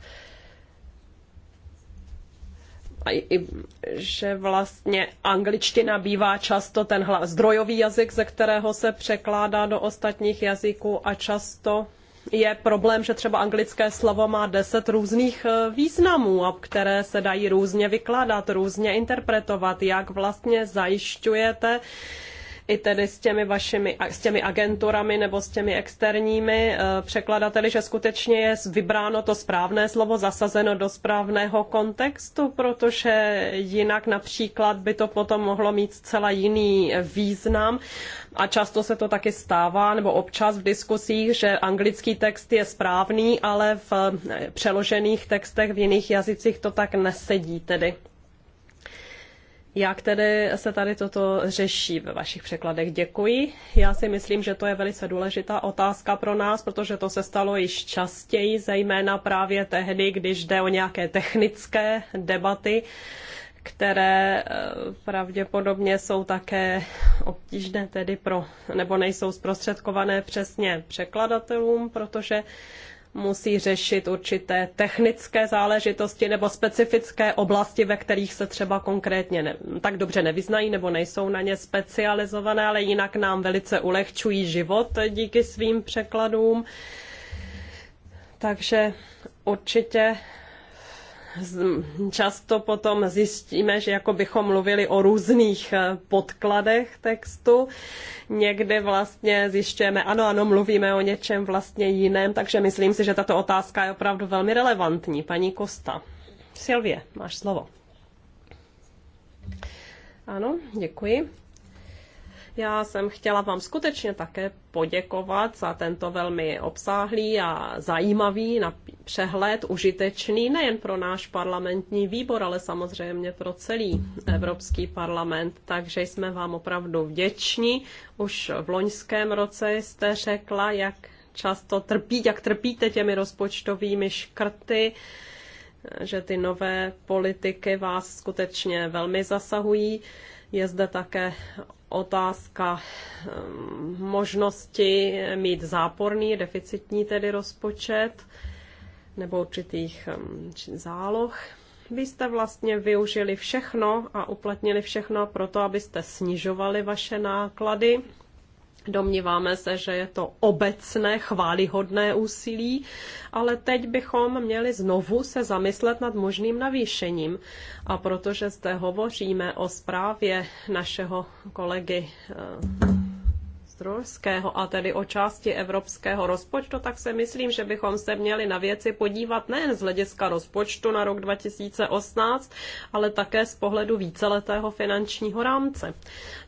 i, že vlastně angličtina bývá často ten hla, zdrojový jazyk, ze kterého se překládá do ostatních jazyků a často je problém, že třeba anglické slovo má deset různých eh, významů, které se dají různě vykládat, různě interpretovat. Jak vlastně zajišťujete, i tedy s těmi vašimi, s těmi agenturami nebo s těmi externími eh, překladateli, že skutečně je vybráno to správné slovo, zasazeno do správného kontextu, protože jinak například by to potom mohlo mít zcela jiný eh, význam a často se to taky stává, nebo občas v diskusích, že anglický text je správný, ale v eh, přeložených textech v jiných jazycích to tak nesedí tedy. Jak tedy se tady toto řeší ve vašich překladech? Děkuji. Já si myslím, že to je velice důležitá otázka pro nás, protože to se stalo již častěji, zejména právě tehdy, když jde o nějaké technické debaty, které eh, pravděpodobně jsou také obtížné tedy pro, nebo nejsou zprostředkované přesně překladatelům, protože musí řešit určité technické záležitosti nebo specifické oblasti, ve kterých se třeba konkrétně ne, tak dobře nevyznají nebo nejsou na ně specializované, ale jinak nám velice ulehčují život díky svým překladům. Takže určitě často potom zjistíme, že jako bychom mluvili o různých eh, podkladech textu. Někdy vlastně zjišťujeme, ano, ano, mluvíme o něčem vlastně jiném, takže myslím si, že tato otázka je opravdu velmi relevantní. Paní Kosta. Silvie, máš slovo. Ano, děkuji. Já jsem chtěla vám skutečně také poděkovat za tento velmi obsáhlý a zajímavý přehled, užitečný nejen pro náš parlamentní výbor, ale samozřejmě pro celý Evropský parlament. Takže jsme vám opravdu vděční. Už v loňském roce jste řekla, jak často trpí, jak trpíte těmi rozpočtovými škrty, že ty nové politiky vás skutečně velmi zasahují. Je zde také otázka ehm, možnosti mít záporný, deficitní tedy rozpočet nebo určitých ehm, záloh. Vy jste vlastně využili všechno a uplatnili všechno pro to, abyste snižovali vaše náklady Domníváme se, že je to obecné, chválihodné úsilí, ale teď bychom měli znovu se zamyslet nad možným navýšením. A protože zde hovoříme o zprávě našeho kolegy eh, Strulského a tedy o části evropského rozpočtu, tak se myslím, že bychom se měli na věci podívat nejen z hlediska rozpočtu na rok 2018, ale také z pohledu víceletého finančního rámce.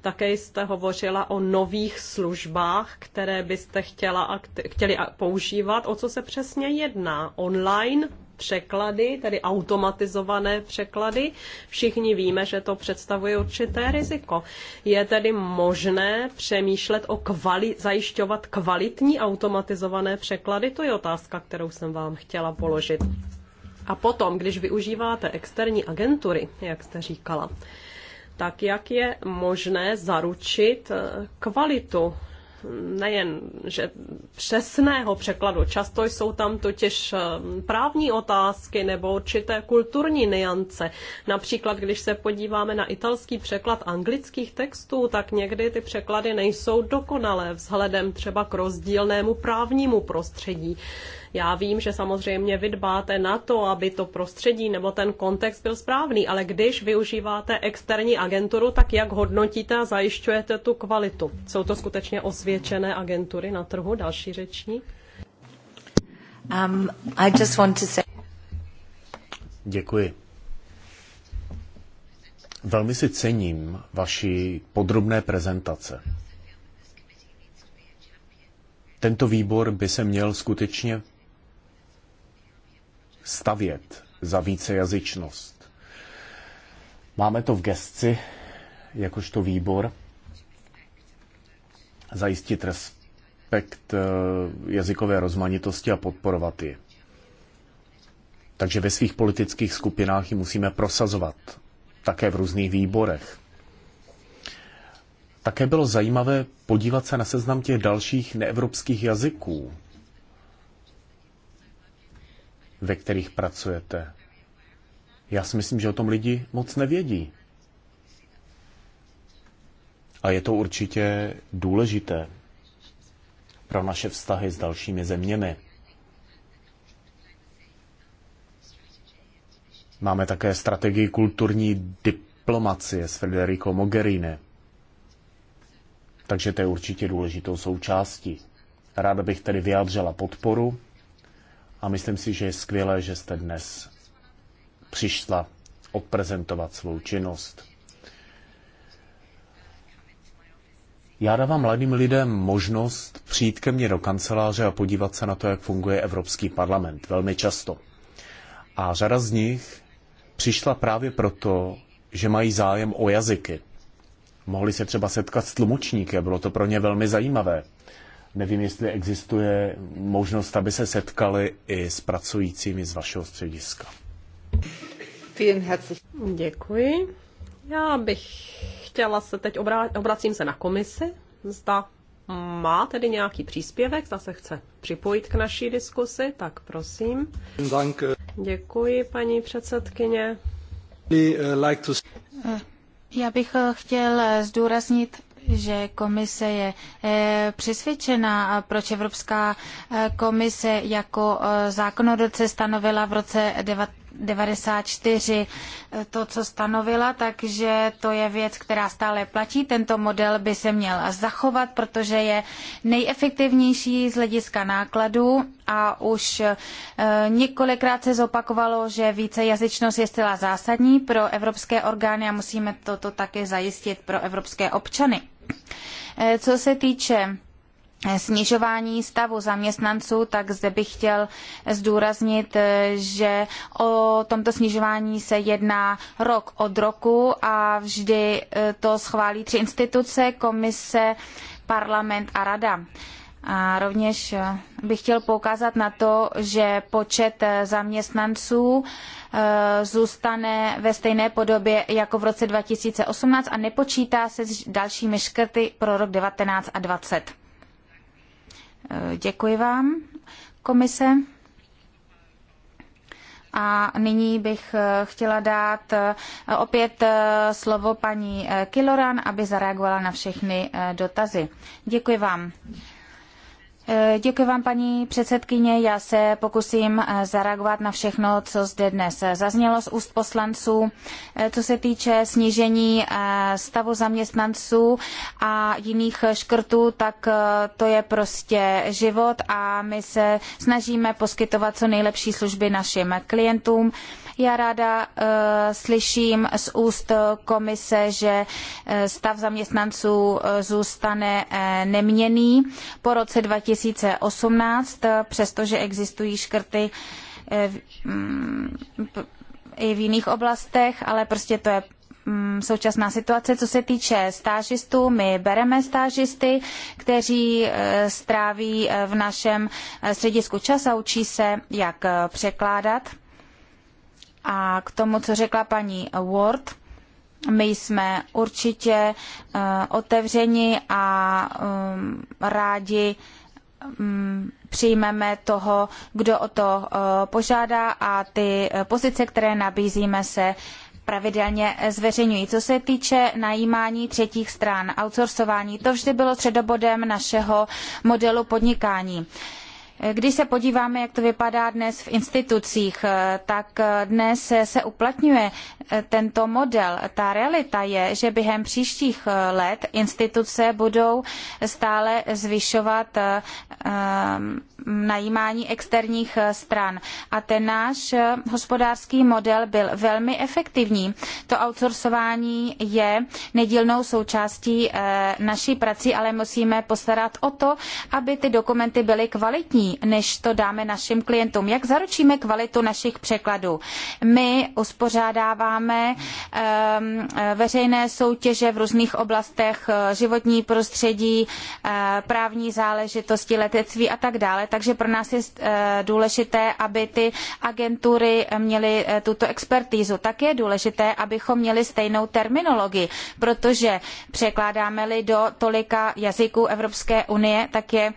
Také jste hovořila o nových službách, které byste chtěla, chtěli používat. O co se přesně jedná? Online překlady, tedy automatizované překlady. Všichni víme, že to představuje určité riziko. Je tedy možné přemýšlet o kvali- zajišťovat kvalitní automatizované překlady? To je otázka, kterou jsem vám chtěla položit. A potom, když využíváte externí agentury, jak jste říkala, tak jak je možné zaručit eh, kvalitu nejen že přesného překladu. Často jsou tam totiž eh, právní otázky nebo určité kulturní niance. Například, když se podíváme na italský překlad anglických textů, tak někdy ty překlady nejsou dokonalé vzhledem třeba k rozdílnému právnímu prostředí. Já vím, že samozřejmě vy dbáte na to, aby to prostředí nebo ten kontext byl správný, ale když využíváte externí agenturu, tak jak hodnotíte a zajišťujete tu kvalitu? Jsou to skutečně osvědčené agentury na trhu? Další řečník. Um, I just want to say... Děkuji. Velmi si cením vaší podrobné prezentace. Tento výbor by se měl skutečně stavět za vícejazyčnost. Máme to v gesci, jakožto výbor, zajistit respekt eh, jazykové rozmanitosti a podporovat ji. Takže ve svých politických skupinách ji musíme prosazovat, také v různých výborech. Také bylo zajímavé podívat se na seznam těch dalších neevropských jazyků, ve kterých pracujete. Já si myslím, že o tom lidi moc nevědí. A je to určitě důležité pro naše vztahy s dalšími zeměmi. Máme také strategii kulturní diplomacie s Federico Mogherini. Takže to je určitě důležitou součástí. Ráda bych tedy vyjádřila podporu a myslím si, že je skvělé, že jste dnes přišla odprezentovat svou činnost. Já dávám mladým lidem možnost přijít ke mně do kanceláře a podívat se na to, jak funguje Evropský parlament. Velmi často. A řada z nich přišla právě proto, že mají zájem o jazyky. Mohli se třeba setkat s tlumočníky, bylo to pro ně velmi zajímavé. Nevím, jestli existuje možnost, aby se setkali i s pracujícími z vašeho střediska. Děkuji. Já bych chtěla se teď obrá- obracím se na komisi. Zda má tedy nějaký příspěvek, zda se chce připojit k naší diskusi, tak prosím. Eh, Děkuji, paní předsedkyně. Eh, eh, já bych chtěl zdůraznit že komise je eh, přesvědčena, proč Evropská eh, komise jako eh, zákonodárce stanovila v roce 1994 to, co stanovila, takže to je věc, která stále platí. Tento model by se měl zachovat, protože je nejefektivnější z hlediska nákladů a už několikrát se zopakovalo, že vícejazyčnost je zcela zásadní pro evropské orgány a musíme toto také zajistit pro evropské občany. Eh, co se týče eh, snižování stavu zaměstnanců, tak zde bych chtěl eh, zdůraznit, že o tomto snižování se jedná rok od roku a vždy to schválí tři instituce, komise, parlament a rada. A rovněž eh, bych chtěl poukázat na to, že počet eh, zaměstnanců eh, zůstane ve stejné podobě jako v roce 2018 a nepočítá se s dalšími škrty pro rok 19 a 20. Děkuji vám, komise. A nyní bych chtěla dát opět slovo paní Kiloran, aby zareagovala na všechny dotazy. Děkuji vám. Eh, děkuji vám, paní předsedkyně. Já se pokusím eh, zareagovat na všechno, co zde dnes eh, zaznělo z úst poslanců, co se týče snížení stavu zaměstnanců a jiných škrtů, tak to je prostě život a my se snažíme poskytovat co nejlepší služby našim klientům. Já ráda eh, slyším z úst komise, že eh, stav zaměstnanců eh, zůstane neměný po roce 2018, přestože existují škrty mm, i v jiných oblastech, ale prostě to je mm, současná situace. Co se týče stážistů, my bereme stážisty, kteří stráví v našem středisku čas a učí se, jak překládat a k tomu, co řekla paní Ward, my jsme určitě eh, otevřeni a eh, rádi mm, přijmeme toho, kdo o to eh, požádá a ty pozice, které nabízíme, se pravidelně zveřejňují. Co se týče najímání třetích stran, outsourcování, to vždy bylo středobodem našeho modelu podnikání. Když se podíváme, jak to vypadá dnes v institucích, tak dnes se uplatňuje Eh, tento model. Ta realita je, že během příštích eh, let instituce budou stále zvyšovat eh, najímání externích stran. A ten náš hospodářský model byl velmi efektivní. To outsourcování je nedílnou součástí naší prací, ale musíme postarat o to, aby ty dokumenty byly kvalitní, než to dáme našim klientům. Jak zaručíme kvalitu našich překladů? My uspořádáváme máme ehm, veřejné soutěže v různých oblastech eh, životní prostředí, eh, právní záležitosti, letectví a tak dále. Takže pro nás je eh, důležité, aby ty agentury měly tuto expertízu. Také je důležité, abychom měli stejnou terminologii, protože překládáme-li do tolika jazyků Evropské unie, tak je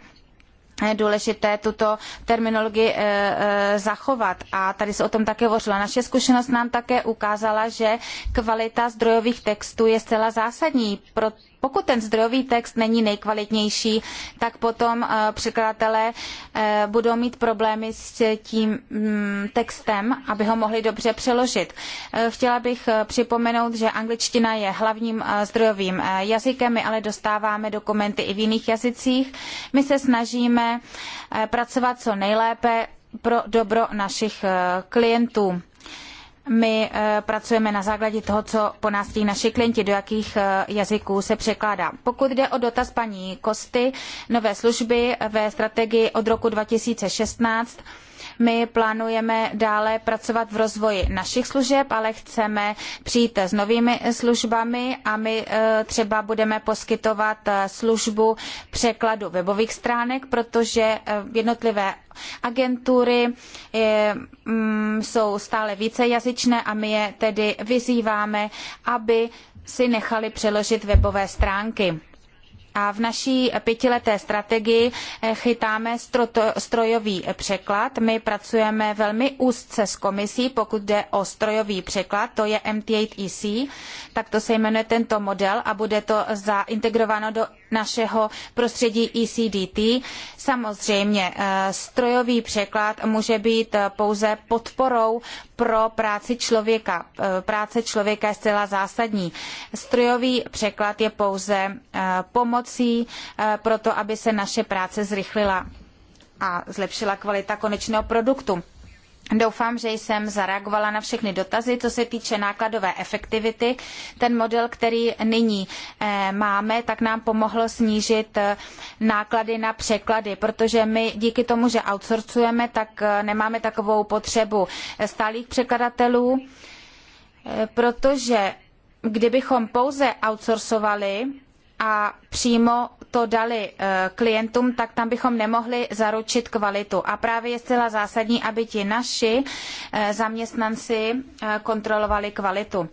důležité tuto terminologii eh, eh, zachovat. A tady se o tom také hovořilo. Naše zkušenost nám také ukázala, že kvalita zdrojových textů je zcela zásadní, pro. Pokud ten zdrojový text není nejkvalitnější, tak potom eh, překladatelé eh, budou mít problémy s tím mm, textem, aby ho mohli dobře přeložit. Eh, chtěla bych připomenout, že angličtina je hlavním zdrojovým jazykem, my ale dostáváme dokumenty i v jiných jazycích. My se snažíme pracovat co nejlépe pro dobro našich klientů my eh, pracujeme na základě toho, co po nás chtějí naši klienti, do jakých eh, jazyků se překládá. Pokud jde o dotaz paní Kosty, nové služby ve strategii od roku 2016, my plánujeme dále pracovat v rozvoji našich služeb, ale chceme přijít s novými službami a my eh, třeba budeme poskytovat eh, službu překladu webových stránek, protože eh, jednotlivé agentury mm, jsou stále více jazyčné a my je tedy vyzýváme, aby si nechali přeložit webové stránky. A v naší pětileté strategii eh, chytáme strojový překlad. My pracujeme velmi úzce s komisí, pokud jde o strojový překlad, to je MT8EC, e tak to se jmenuje tento model a bude to zaintegrováno do našeho prostředí ECDT. Samozřejmě eh, strojový překlad může být eh, pouze podporou pro práci člověka. Eh, práce člověka je zcela zásadní. Strojový překlad je pouze pomocí pro to, aby se naše práce zrychlila a zlepšila kvalita konečného produktu. Doufám, že jsem zareagovala na všechny dotazy. Co se týče nákladové efektivity, ten model, který nyní eh, máme, tak nám pomohl snížit eh, náklady na překlady, protože my díky tomu, že outsourcujeme, tak eh, nemáme takovou potřebu stálých překladatelů, protože kdybychom pouze outsourcovali, a přímo to dali eh, klientům, tak tam bychom nemohli zaručit kvalitu. A právě je zcela zásadní, aby ti naši eh, zaměstnanci eh, kontrolovali kvalitu.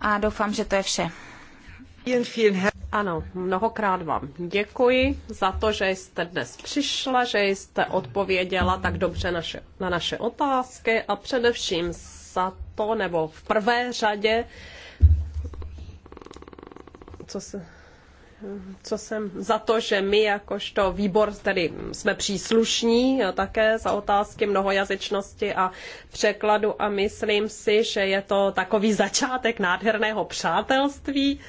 A doufám, že to je vše. Ano, mnohokrát vám děkuji za to, že jste dnes přišla, že jste odpověděla tak dobře naše, na naše otázky a především za to, nebo v prvé řadě, co se co jsem za to, že my jakožto výbor tedy jsme příslušní také za otázky mnohojazyčnosti a překladu a myslím si, že je to takový začátek nádherného přátelství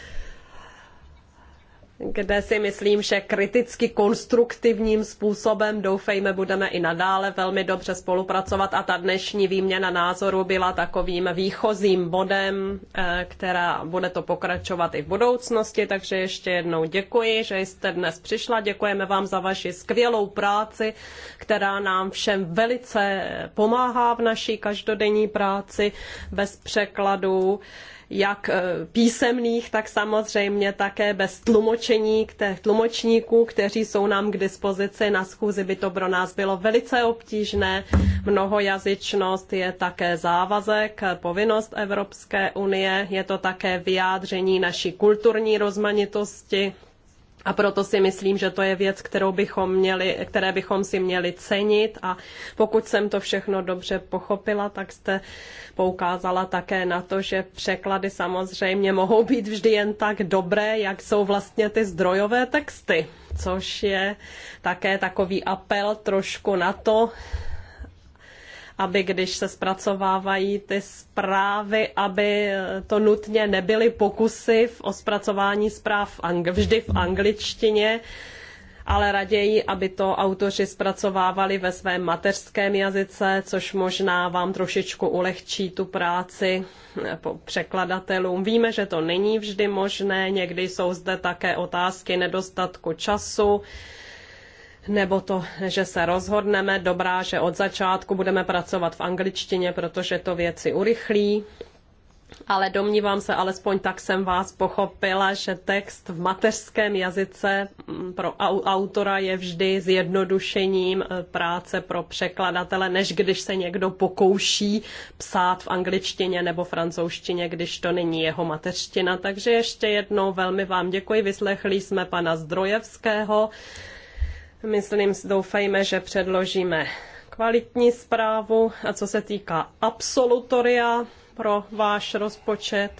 kde si myslím, že kriticky konstruktivním způsobem, doufejme, budeme i nadále velmi dobře spolupracovat a ta dnešní výměna názorů byla takovým výchozím bodem, eh, která bude to pokračovat i v budoucnosti, takže ještě jednou děkuji, že jste dnes přišla, děkujeme vám za vaši skvělou práci, která nám všem velice pomáhá v naší každodenní práci bez překladů jak e, písemných, tak samozřejmě také bez tlumočení, tlumočníků, kteří jsou nám k dispozici na schůzi, by to pro nás bylo velice obtížné. Mnohojazyčnost je také závazek, povinnost Evropské unie, je to také vyjádření naší kulturní rozmanitosti, a proto si myslím, že to je věc, kterou bychom měli, které bychom si měli cenit. A pokud jsem to všechno dobře pochopila, tak jste poukázala také na to, že překlady samozřejmě mohou být vždy jen tak dobré, jak jsou vlastně ty zdrojové texty, což je také takový apel trošku na to, aby když se zpracovávají ty zprávy, aby to nutně nebyly pokusy o zpracování zpráv vždy v angličtině, ale raději, aby to autoři zpracovávali ve svém mateřském jazyce, což možná vám trošičku ulehčí tu práci eh, překladatelům. Víme, že to není vždy možné, někdy jsou zde také otázky nedostatku času, nebo to, že se rozhodneme, dobrá, že od začátku budeme pracovat v angličtině, protože to věci urychlí. Ale domnívám se, alespoň tak jsem vás pochopila, že text v mateřském jazyce mm, pro autora je vždy zjednodušením eh, práce pro překladatele, než když se někdo pokouší psát v angličtině nebo francouzštině, když to není jeho mateřština. Takže ještě jednou velmi vám děkuji. Vyslechli jsme pana Zdrojevského. Myslím, doufejme, že předložíme kvalitní zprávu. A co se týká absolutoria pro váš rozpočet,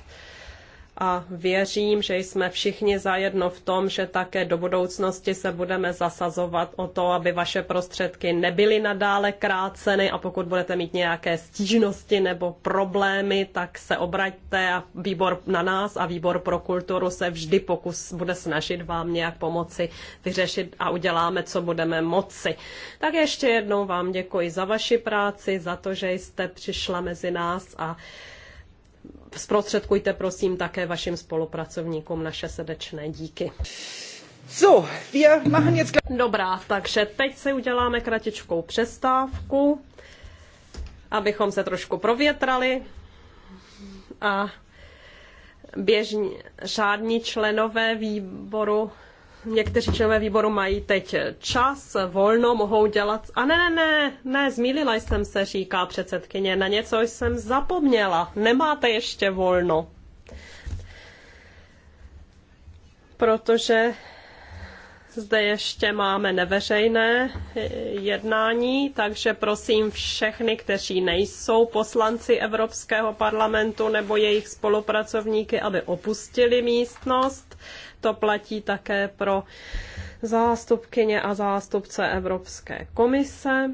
a věřím, že jsme všichni zajedno v tom, že také do budoucnosti se budeme zasazovat o to, aby vaše prostředky nebyly nadále kráceny a pokud budete mít nějaké stížnosti nebo problémy, tak se obraťte a výbor na nás a výbor pro kulturu se vždy pokus bude snažit vám nějak pomoci vyřešit a uděláme, co budeme moci. Tak ještě jednou vám děkuji za vaši práci, za to, že jste přišla mezi nás a zprostředkujte prosím také vašim spolupracovníkům naše srdečné díky. So, wir machen jetzt... Dobrá, takže teď se uděláme kratičkou přestávku, abychom se trošku provětrali a běžní řádní členové výboru někteří členové výboru mají teď čas, volno, mohou dělat... A ne, ne, ne, ne, zmílila jsem se, říká předsedkyně, na něco jsem zapomněla. Nemáte ještě volno. Protože zde ještě máme neveřejné jednání, takže prosím všechny, kteří nejsou poslanci Evropského parlamentu nebo jejich spolupracovníky, aby opustili místnost to platí také pro zástupkyně a zástupce Evropské komise.